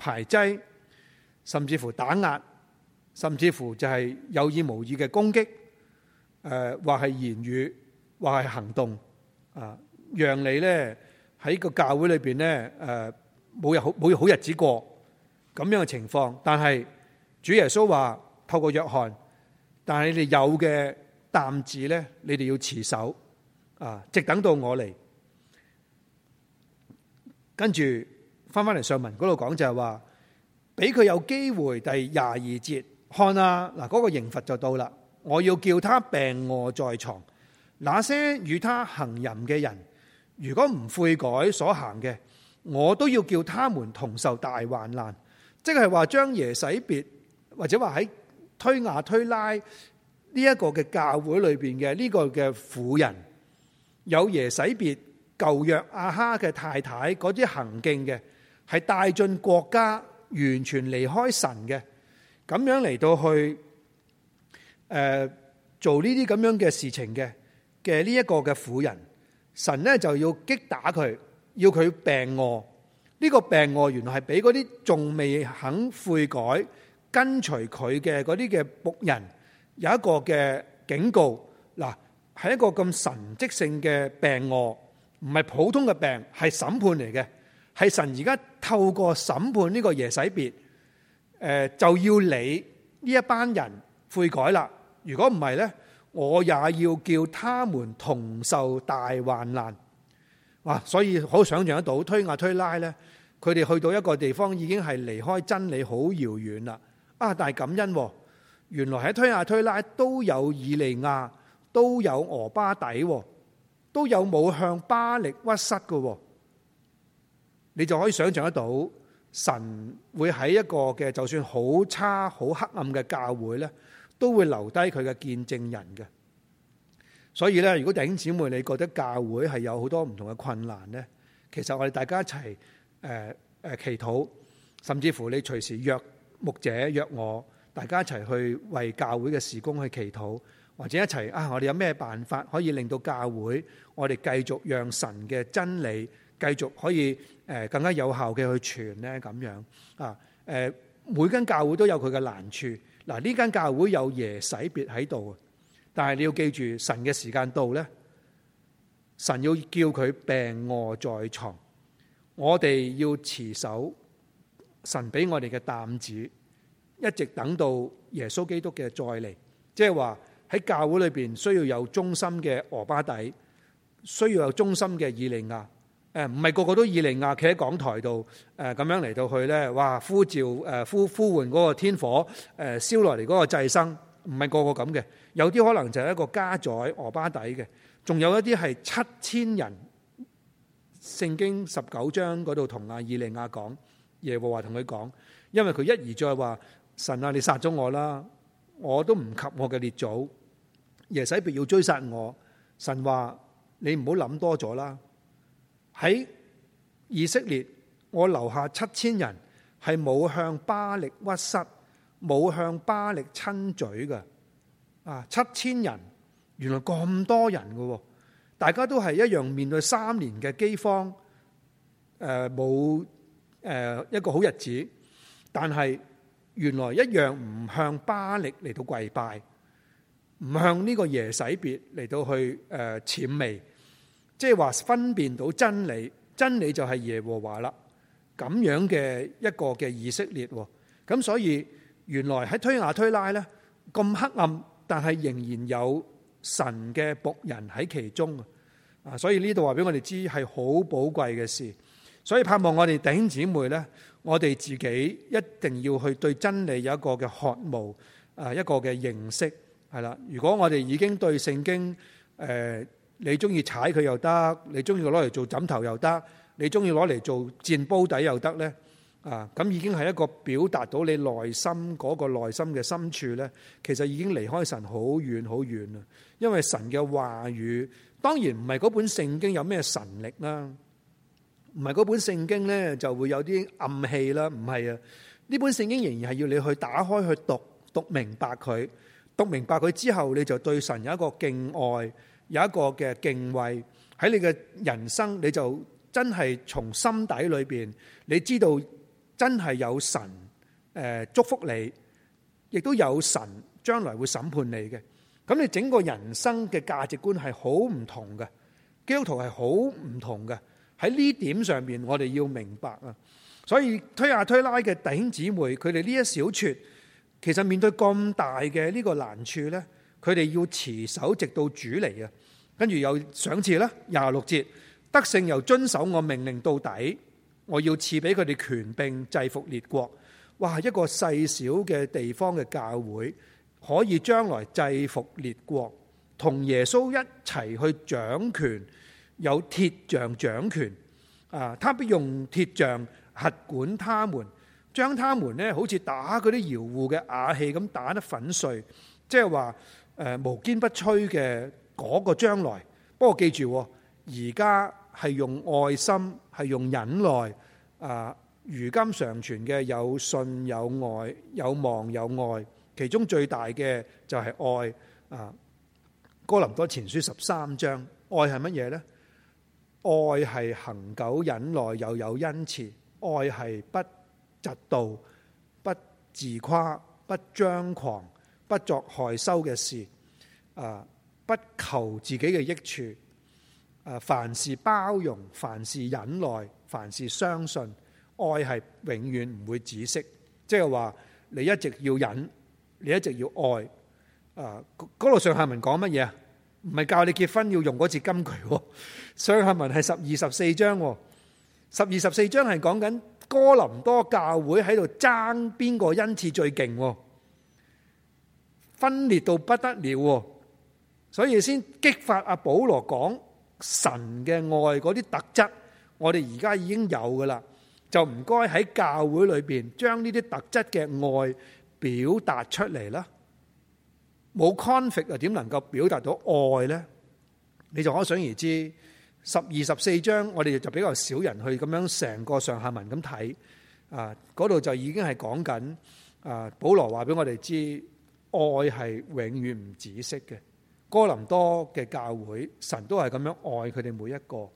排擠，甚至乎打壓，甚至乎就係有意無意嘅攻擊，誒、呃、或係言語或係行動啊，讓你咧喺個教會裏邊咧誒，冇日好冇好日子過，咁樣嘅情況。但係主耶穌話透過約翰，但係你哋有嘅擔子咧，你哋要持守啊，直等到我嚟，跟住。翻翻嚟上文嗰度講就係話，俾佢有機會第。第廿二節，看啊嗱，嗰個刑罰就到啦。我要叫他病卧在床。那些與他行淫嘅人，如果唔悔改所行嘅，我都要叫他們同受大患難。即係話將耶洗別或者話喺推亞、啊、推拉呢一個嘅教會裏面嘅呢個嘅婦人，有耶洗別舊約阿哈嘅太太嗰啲行徑嘅。係帶進國家，完全離開神嘅，咁樣嚟到去，誒、呃、做呢啲咁樣嘅事情嘅，嘅呢一個嘅婦人，神呢就要擊打佢，要佢病臥。呢、這個病臥原來係俾嗰啲仲未肯悔改、跟隨佢嘅嗰啲嘅僕人有一個嘅警告，嗱，係一個咁神蹟性嘅病臥，唔係普通嘅病，係審判嚟嘅，係神而家。透過審判呢個耶洗別，誒，就要你呢一班人悔改啦。如果唔係呢，我也要叫他們同受大患難。哇！所以好想象得到，推亞推拉呢，佢哋去到一個地方已經係離開真理好遙遠啦。啊！但係感恩，原來喺推亞推拉都有以利亞，都有俄巴底，都有冇向巴力屈膝嘅。你就可以想象得到，神會喺一個嘅就算好差、好黑暗嘅教會呢，都會留低佢嘅見證人嘅。所以咧，如果弟兄姊妹你覺得教會係有好多唔同嘅困難呢，其實我哋大家一齊誒誒祈禱，甚至乎你隨時約牧者、約我，大家一齊去為教會嘅事工去祈禱，或者一齊啊，我哋有咩辦法可以令到教會我哋繼續讓神嘅真理繼續可以。誒更加有效嘅去傳咧咁樣啊！誒每間教會都有佢嘅難處。嗱呢間教會有耶洗別喺度，但係你要記住，神嘅時間到咧，神要叫佢病臥在床，我哋要持守神俾我哋嘅擔子，一直等到耶穌基督嘅再嚟。即係話喺教會裏邊需要有忠心嘅俄巴底，需要有忠心嘅以利亞。誒，唔係個個都以利亞企喺講台度，誒、呃、咁樣嚟到去咧，哇，呼召誒、呃、呼呼喚嗰個天火，誒、呃、燒落嚟嗰個祭牲，唔係個個咁嘅，有啲可能就係一個家宰俄巴底嘅，仲有一啲係七千人，聖經十九章嗰度同阿以利亞講，耶和華同佢講，因為佢一而再話神啊，你殺咗我啦，我都唔及我嘅列祖，耶洗別要追殺我，神話你唔好諗多咗啦。喺以色列，我留下七千人，係冇向巴力屈膝，冇向巴力親嘴嘅。啊，七千人，原來咁多人嘅，大家都係一樣面對三年嘅饑荒，誒、呃，冇誒、呃、一個好日子。但係原來一樣唔向巴力嚟到跪拜，唔向呢個耶洗別嚟到去誒諂媚。呃即係話，分辨到真理，真理就係耶和華啦。咁樣嘅一個嘅以色列，咁所以原來喺推雅推喇呢，咁黑暗，但係仍然有神嘅僕人喺其中啊！所以呢度話俾我哋知係好寶貴嘅事，所以盼望我哋弟兄姊妹呢，我哋自己一定要去對真理有一個嘅渴慕，啊，一個嘅認識係啦。如果我哋已經對聖經誒，呃你中意踩佢又得，你中意攞嚟做枕頭又得，你中意攞嚟做墊煲底又得咧，啊，咁已經係一個表達到你內心嗰個內心嘅深處咧。其實已經離開神好遠好遠啦。因為神嘅話語當然唔係嗰本聖經有咩神力啦，唔係嗰本聖經咧就會有啲暗器啦，唔係啊。呢本聖經仍然係要你去打開去讀，讀明白佢，讀明白佢之後，你就對神有一個敬愛。有一個嘅敬畏喺你嘅人生，你就真係從心底裏邊，你知道真係有神誒祝福你，亦都有神將來會審判你嘅。咁你整個人生嘅價值觀係好唔同嘅，基督徒係好唔同嘅。喺呢點上面，我哋要明白啊。所以推雅推喇嘅弟兄姊妹，佢哋呢一小撮，其實面對咁大嘅呢個難處呢，佢哋要持守直到主嚟嘅。跟住有賞賜啦，廿六節，得勝又遵守我命令到底，我要賜俾佢哋權柄制服列國。哇！一個細小嘅地方嘅教會，可以將來制服列國，同耶穌一齊去掌權，有鐵杖掌權。啊，他必用鐵杖轄管他們，將他們呢好似打嗰啲窯戶嘅瓦器咁打得粉碎。即係話誒無堅不摧嘅。嗰個將來，不過記住，而家係用愛心，係用忍耐。啊，如今常存嘅有信有愛有望有愛，其中最大嘅就係愛。啊，《哥林多前書》十三章，愛係乜嘢呢？愛係恒久忍耐又有，有恩慈，愛係不嫉妒、不自誇、不張狂、不作害羞嘅事。啊！不求自己嘅益處，凡事包容，凡事忍耐，凡事相信，愛係永遠唔會止息。即係話你一直要忍，你一直要愛。啊，嗰度上下文講乜嘢啊？唔係教你結婚要用嗰支金句喎。上下文係十二十四章喎，十二十四章係講緊哥林多教會喺度爭邊個恩賜最勁喎，分裂到不得了喎。所以先激發阿保羅講神嘅愛嗰啲特質，我哋而家已經有噶啦，就唔該喺教會裏邊將呢啲特質嘅愛表達出嚟啦。冇 conflict 又點能夠表達到愛呢？你就可想而知，十二十四章我哋就比較少人去咁樣成個上下文咁睇啊。嗰度就已經係講緊啊，保羅話俾我哋知愛係永遠唔止息嘅。哥林多嘅教會，神都係咁樣愛佢哋每一個，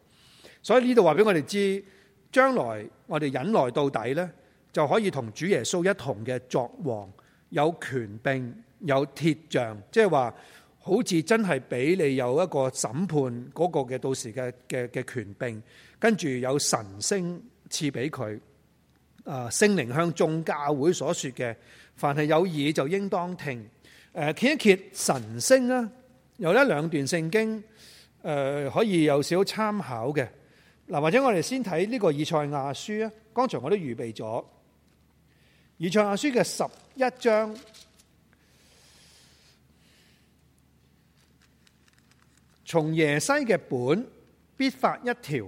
所以呢度話俾我哋知，將來我哋忍耐到底呢，就可以同主耶穌一同嘅作王，有權柄，有鐵杖，即係話好似真係俾你有一個審判嗰個嘅，到時嘅嘅權柄，跟住有晨星賜俾佢，啊，聖靈向眾教會所說嘅，凡係有耳，就應當聽，誒，揭一揭晨星啊！有一兩段聖經，可以有少參考嘅。嗱，或者我哋先睇呢個以賽亞書啊。剛才我都預備咗以賽亞書嘅十一章，從耶西嘅本必發一條，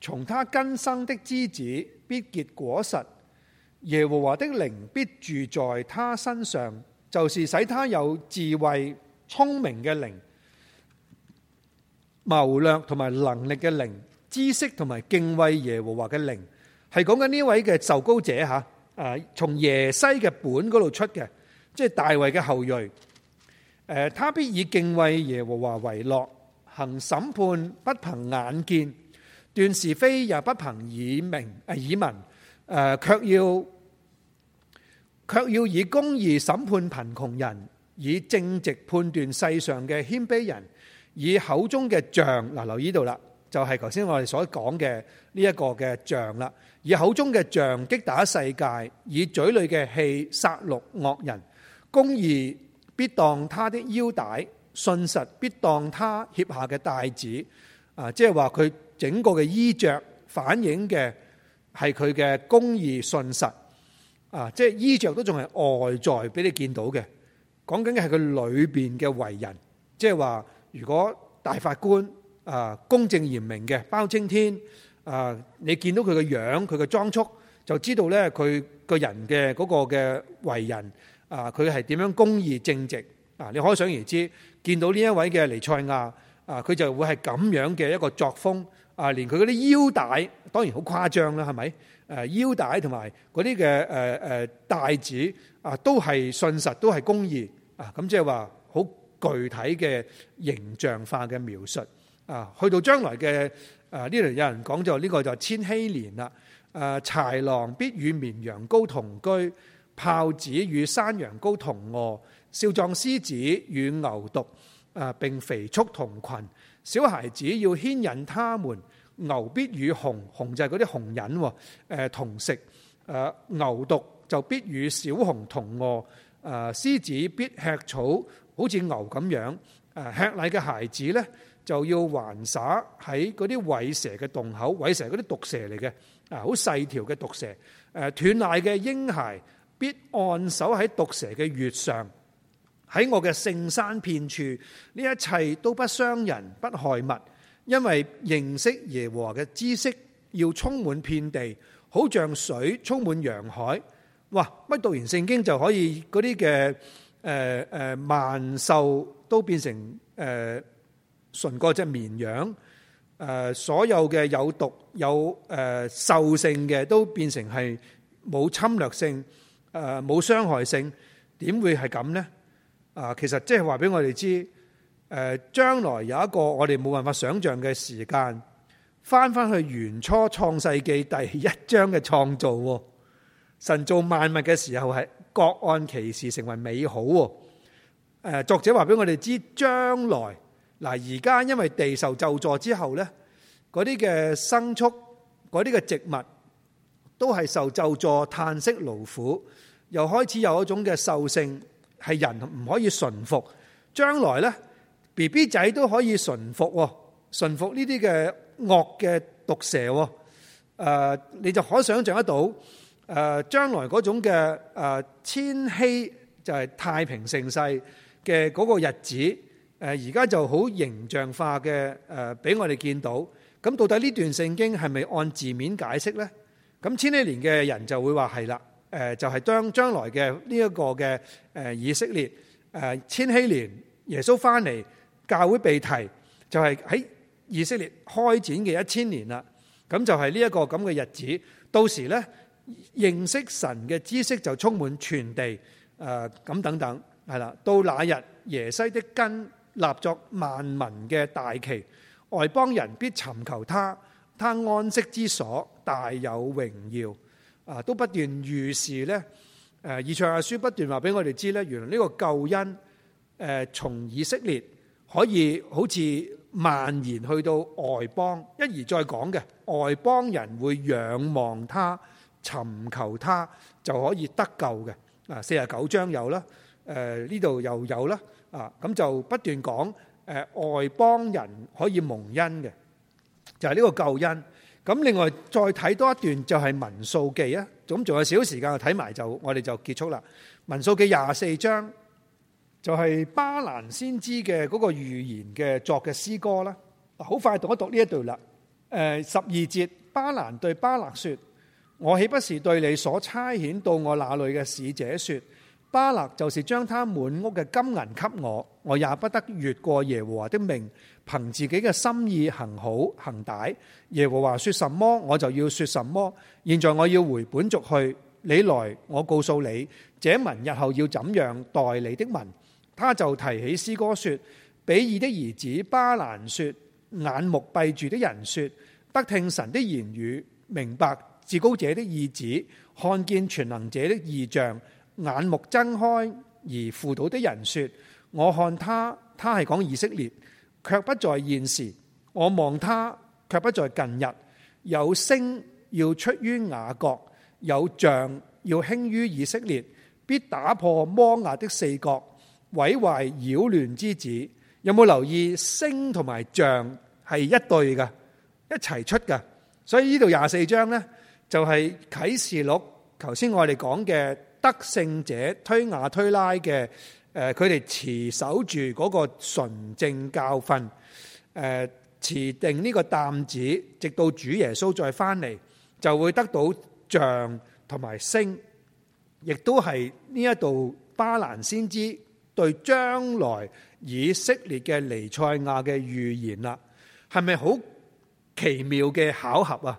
從他根生的枝子必結果實，耶和華的靈必住在他身上，就是使他有智慧。聰明嘅靈、謀略同埋能力嘅靈、知識同埋敬畏耶和華嘅靈，係講緊呢位嘅受膏者吓。誒，從耶西嘅本嗰度出嘅，即係大衛嘅後裔。誒，他必以敬畏耶和華為樂，行審判不憑眼見，斷是非也不憑耳明誒耳聞。誒，卻要卻要以公義審判貧窮人。以正直判斷世上嘅謙卑人，以口中嘅杖，嗱，留意到啦，就係頭先我哋所講嘅呢一個嘅杖啦。以口中嘅杖擊打世界，以嘴裏嘅氣殺戮惡人。公義必當他的腰帶，信實必當他脅下嘅帶子。啊，即係話佢整個嘅衣着反映嘅係佢嘅公義信實。啊，即係衣着都仲係外在俾你見到嘅。講緊嘅係佢裏面嘅為人，即係話，如果大法官啊公正言明嘅包青天啊，你見到佢嘅樣、佢嘅裝束，就知道咧佢個人嘅嗰個嘅為人啊，佢係點樣公義正直啊？你可想而知，見到呢一位嘅尼賽亞啊，佢就會係咁樣嘅一個作風啊，連佢嗰啲腰帶當然好誇張啦，係咪？誒腰帶同埋嗰啲嘅誒誒帶子啊，都係信實，都係公義。啊，咁即係話好具體嘅形象化嘅描述，啊，去到將來嘅，誒呢度，有人講就呢個就千禧年啦，誒豺狼必與綿羊羔同居，豹子與山羊羔同臥，少壯獅子與牛犢誒並肥畜同群。小孩子要牽引牠們，牛必與熊，熊就係嗰啲熊人喎，誒同食，誒牛犢就必與小熊同臥。誒、啊、獅子必吃草，好似牛咁樣。誒、啊、吃奶嘅孩子呢，就要玩耍喺嗰啲虺蛇嘅洞口，虺蛇嗰啲毒蛇嚟嘅，啊，好細條嘅毒蛇。誒、啊、斷奶嘅嬰孩，必按手喺毒蛇嘅穴上。喺我嘅聖山遍處，呢一切都不傷人不害物，因為認識耶和華嘅知識要充滿遍地，好像水充滿洋海。哇！乜讀完聖經就可以嗰啲嘅，誒誒，萬獸、呃呃、都變成誒純過，即係綿羊誒、呃，所有嘅有毒有誒、呃、獸性嘅都變成係冇侵略性誒冇、呃、傷害性，點會係咁呢？啊、呃，其實即係話俾我哋知，誒、呃、將來有一個我哋冇辦法想象嘅時間，翻翻去元初創世紀第一章嘅創造。神做萬物嘅時候係各按其時成為美好。誒，作者話俾我哋知將來嗱，而家因為地受咒詛之後咧，嗰啲嘅牲畜，嗰啲嘅植物都係受咒詛，嘆息勞苦，又開始有一種嘅獸性係人唔可以馴服。將來咧，B B 仔都可以馴服馴服呢啲嘅惡嘅毒蛇。誒，你就可想象得到。誒，將、啊、來嗰種嘅誒、啊、千禧就係、是、太平盛世嘅嗰個日子誒，而、啊、家就好形象化嘅誒，俾、啊、我哋見到咁，到底呢段聖經係咪按字面解釋呢？咁千禧年嘅人就會話係啦，誒、啊、就係將將來嘅呢一個嘅誒以色列誒、啊、千禧年，耶穌翻嚟，教會被提，就係、是、喺以色列開展嘅一千年啦。咁就係呢一個咁嘅日子，到時呢。認識神嘅知識就充滿全地，誒、呃、咁等等係啦。到那日耶西的根立作萬民嘅大旗，外邦人必尋求他，他安息之所大有榮耀，啊，都不斷預示呢，誒、呃，以賽亞書不斷話俾我哋知呢，原來呢個救恩誒、呃、從以色列可以好似蔓延去到外邦，一而再講嘅外邦人會仰望他。尋求他就可以得救嘅啊，四十九章有啦，誒呢度又有啦啊，咁就不斷講誒外邦人可以蒙恩嘅，就係呢個救恩。咁另外再睇多一段就係民數記啊，咁仲有少少時間，睇埋就我哋就結束啦。民數記廿四章就係巴蘭先知嘅嗰個預言嘅作嘅詩歌啦。好快讀一讀呢一段啦，誒十二節，巴蘭對巴勒說：我豈不是對你所差遣到我那裏嘅使者說：巴勒就是將他滿屋嘅金銀給我，我也不得越過耶和華的命，憑自己嘅心意行好行歹。耶和華說什麼，我就要說什麼。現在我要回本族去，你來，我告訴你這民日後要怎樣待你的民。」他就提起詩歌說：比爾的兒子巴蘭說，眼目閉住的人說，得聽神的言語，明白。至高者的意旨，看見全能者的異象，眼目睜開而仆倒的人說：我看他，他係講以色列，卻不在現時；我望他，卻不在近日。有星要出於雅各，有杖要興於以色列，必打破摩押的四角，毀壞擾亂之子。有冇留意星同埋杖係一對噶，一齊出噶？所以呢度廿四章呢。就係啟示錄，頭先我哋講嘅得勝者推雅推喇嘅，誒佢哋持守住嗰個純正教訓、呃，持定呢個擔子，直到主耶穌再翻嚟，就會得到像同埋星，亦都係呢一度巴蘭先知對將來以色列嘅尼賽亞嘅預言啦，係咪好奇妙嘅巧合啊？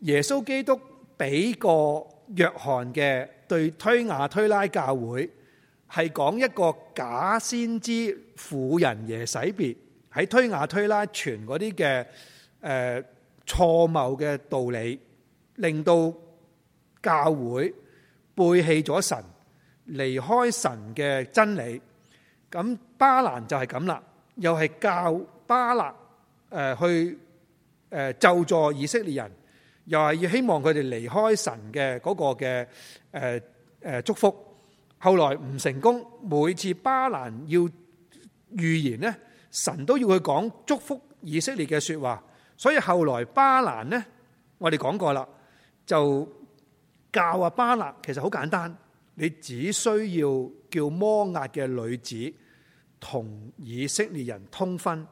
耶穌基督俾個約翰嘅對推雅推拉教會係講一個假先知婦人耶洗別喺推雅推拉傳嗰啲嘅誒錯謬嘅道理，令到教會背棄咗神，離開神嘅真理。咁巴蘭就係咁啦，又係教巴勒誒、呃、去誒救助以色列人。又係要希望佢哋離開神嘅嗰個嘅誒誒祝福，後來唔成功。每次巴蘭要預言咧，神都要佢講祝福以色列嘅說話，所以後來巴蘭呢，我哋講過啦，就教阿巴勒，其實好簡單，你只需要叫摩押嘅女子同以色列人通婚。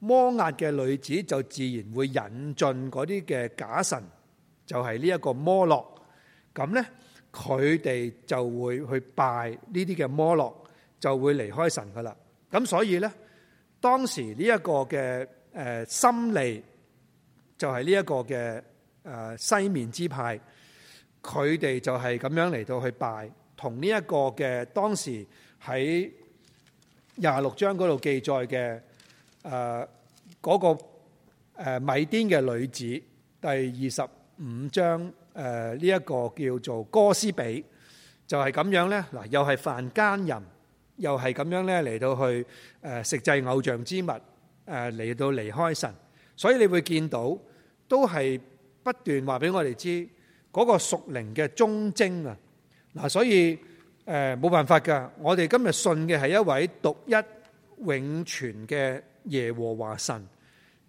摩押嘅女子就自然會引進嗰啲嘅假神，就係呢一個摩洛。咁咧，佢哋就會去拜呢啲嘅摩洛，就會離開神噶啦。咁所以咧，當時呢一個嘅誒，心利，就係呢一個嘅誒西面支派，佢哋就係咁樣嚟到去拜，同呢一個嘅當時喺廿六章嗰度記載嘅。誒，嗰、啊那個誒米甸嘅女子，第二十五章誒呢一個叫做哥斯比，就係、是、咁樣咧。嗱，又係犯奸淫，又係咁樣咧嚟到去誒、啊、食祭偶像之物，誒、啊、嚟到離開神。所以你會見到，都係不斷話俾我哋知嗰個屬靈嘅忠貞啊。嗱，所以誒冇、啊、辦法噶，我哋今日信嘅係一位獨一永存嘅。耶和華神、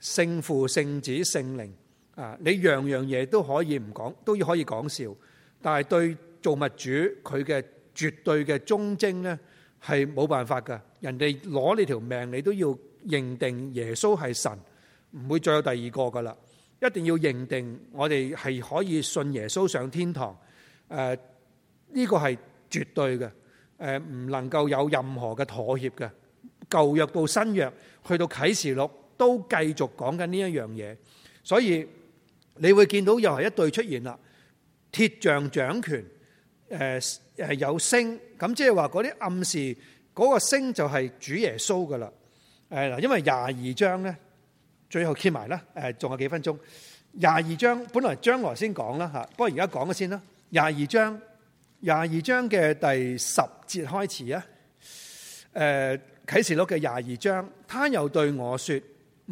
聖父、聖子、聖靈，啊！你樣樣嘢,都可以唔講都要可以講笑，但係對造物主佢嘅絕對嘅忠貞呢，係冇辦法噶。人哋攞你條命，你都要認定耶穌係神，唔會再有第二個噶啦。一定要認定我哋係可以信耶穌上天堂。誒，呢個係絕對嘅，誒唔能夠有任何嘅妥協嘅。舊約到新約，去到啟示錄都繼續講緊呢一樣嘢，所以你會見到又係一對出現啦，鐵杖掌權，誒、呃、誒有星，咁即係話嗰啲暗示嗰、那個星就係主耶穌噶啦，誒、呃、嗱，因為廿二章咧，最後揭埋啦，誒、呃、仲有幾分鐘，廿二章本來將來先講啦吓，不過而家講咗先啦，廿二章，廿二章嘅第十節開始啊，誒、呃。啟示錄嘅廿二章，他又對我說：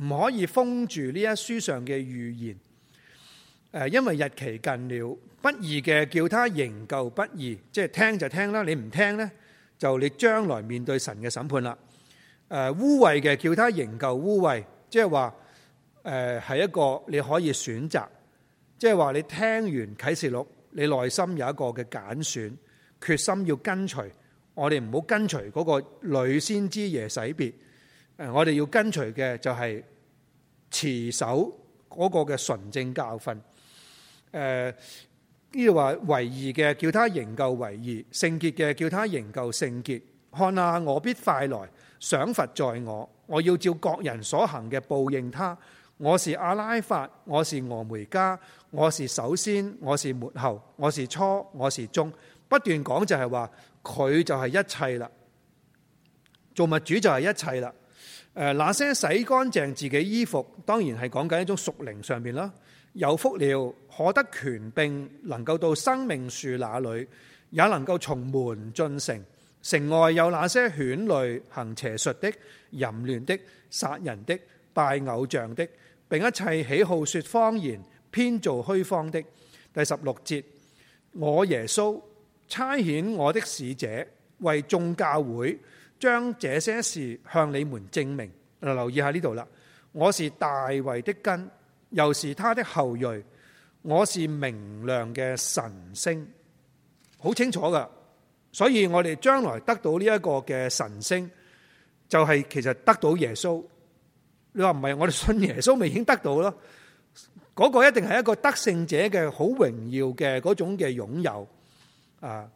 唔可以封住呢一書上嘅預言。誒，因為日期近了，不義嘅叫他仍舊不義，即係聽就聽啦，你唔聽呢，就你將來面對神嘅審判啦。誒、呃，污穢嘅叫他仍舊污穢，即係話，誒、呃、係一個你可以選擇，即係話你聽完啟示錄，你內心有一個嘅揀選，決心要跟隨。我哋唔好跟隨嗰個女先知耶洗別，我哋要跟隨嘅就係持守嗰個嘅純正教訓。誒、呃，呢度話為義嘅叫他仍舊為義，聖潔嘅叫他仍舊聖潔。看下，我必快來，賞罰在我，我要照各人所行嘅報應他。我是阿拉法，我是俄梅加，我是首先，我是末後，我是初，我是終。不斷講就係話。佢就係一切啦，造物主就係一切啦。誒、呃，那些洗乾淨自己衣服，當然係講緊一種屬靈上面啦。有福了，可得權柄，能夠到生命樹那裏，也能夠從門進城。城外有那些犬類行邪術的、淫亂的、殺人的、拜偶像的，並一切喜好說謊言、編造虛謊的。第十六節，我耶穌。差遣我的使者為眾教會將這些事向你們證明。嗱，留意下呢度啦。我是大衛的根，又是他的後裔。我是明亮嘅晨星，好清楚噶。所以我哋將來得到呢一個嘅晨星，就係其實得到耶穌。你話唔係？我哋信耶穌，咪已經得到咯。嗰個一定係一個得勝者嘅好榮耀嘅嗰種嘅擁有。啊！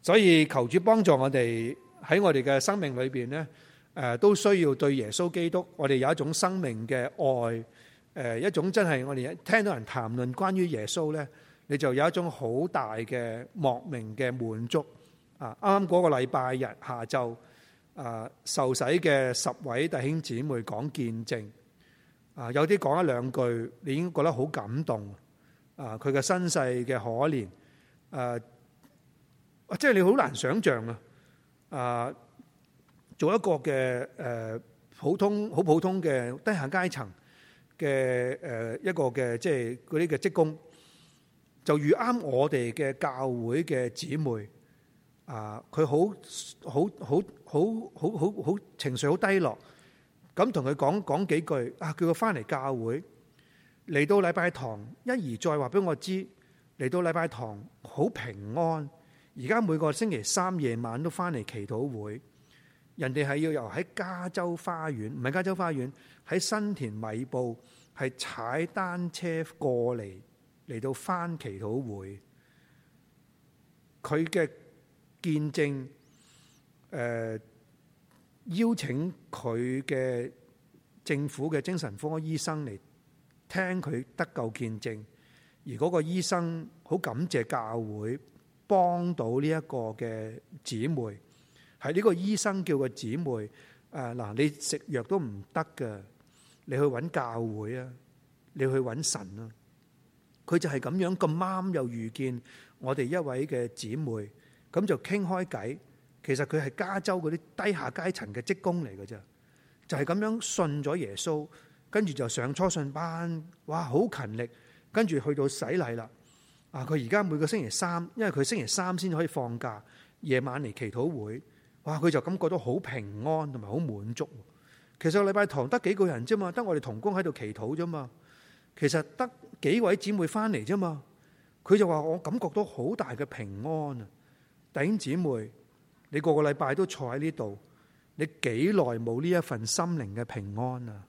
所以求主幫助我哋喺我哋嘅生命裏邊咧，誒都需要對耶穌基督，我哋有一種生命嘅愛，誒一種真係我哋聽到人談論關於耶穌呢，你就有一種好大嘅莫名嘅滿足啊！啱嗰個禮拜日下晝啊，受洗嘅十位弟兄姊妹講見證啊，有啲講一兩句，你已經覺得好感動啊！佢嘅身世嘅可憐誒。即係你好難想象啊！啊、呃，做一個嘅誒、呃、普通好普通嘅低下階層嘅誒、呃、一個嘅即係啲嘅職工，就遇啱我哋嘅教會嘅姊妹啊，佢好好好好好好好情緒好低落，咁同佢講講幾句啊，叫佢翻嚟教會嚟到禮拜堂一而再話俾我知嚟到禮拜堂好平安。而家每個星期三夜晚都翻嚟祈禱會，人哋係要由喺加州花園，唔係加州花園喺新田米埔，係踩單車過嚟嚟到翻祈禱會。佢嘅見證，誒、呃，邀請佢嘅政府嘅精神科醫生嚟聽佢得救見證，而嗰個醫生好感謝教會。幫到呢一個嘅姊妹，係呢個醫生叫個姊妹。誒，嗱，你食藥都唔得㗎，你去揾教會啊，你去揾神啊。佢就係咁樣咁啱又遇見我哋一位嘅姊妹，咁就傾開偈。其實佢係加州嗰啲低下階層嘅職工嚟㗎啫，就係、是、咁樣信咗耶穌，跟住就上初信班，哇，好勤力，跟住去到洗禮啦。啊！佢而家每個星期三，因為佢星期三先可以放假，夜晚嚟祈禱會，哇！佢就感覺到好平安同埋好滿足。其實個禮拜堂得幾個人啫嘛，得我哋同工喺度祈禱啫嘛。其實得幾位姊妹翻嚟啫嘛，佢就話我感覺到好大嘅平安啊！弟兄姊妹，你個個禮拜都坐喺呢度，你幾耐冇呢一份心靈嘅平安啊？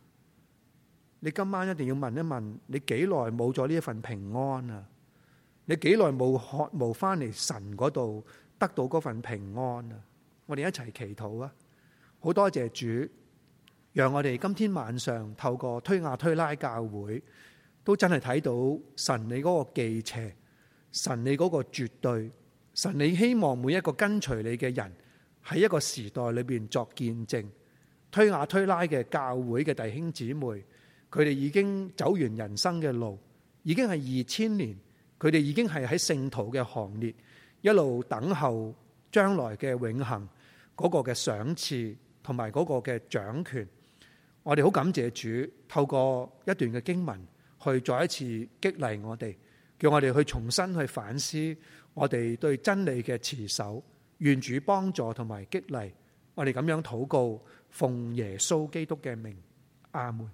你今晚一定要問一問，你幾耐冇咗呢一份平安啊？你幾耐冇學冇翻嚟神嗰度得到嗰份平安啊？我哋一齊祈禱啊！好多謝主，讓我哋今天晚上透過推亞推拉教會，都真係睇到神你嗰個忌邪，神你嗰個絕對，神你希望每一個跟隨你嘅人喺一個時代裏邊作見證。推亞推拉嘅教會嘅弟兄姊妹，佢哋已經走完人生嘅路，已經係二千年。佢哋已經係喺聖徒嘅行列，一路等候將來嘅永恒嗰個嘅賞賜同埋嗰個嘅掌權。我哋好感謝主，透過一段嘅經文去再一次激勵我哋，叫我哋去重新去反思我哋對真理嘅持守，願主幫助同埋激勵我哋咁樣禱告，奉耶穌基督嘅名，阿門。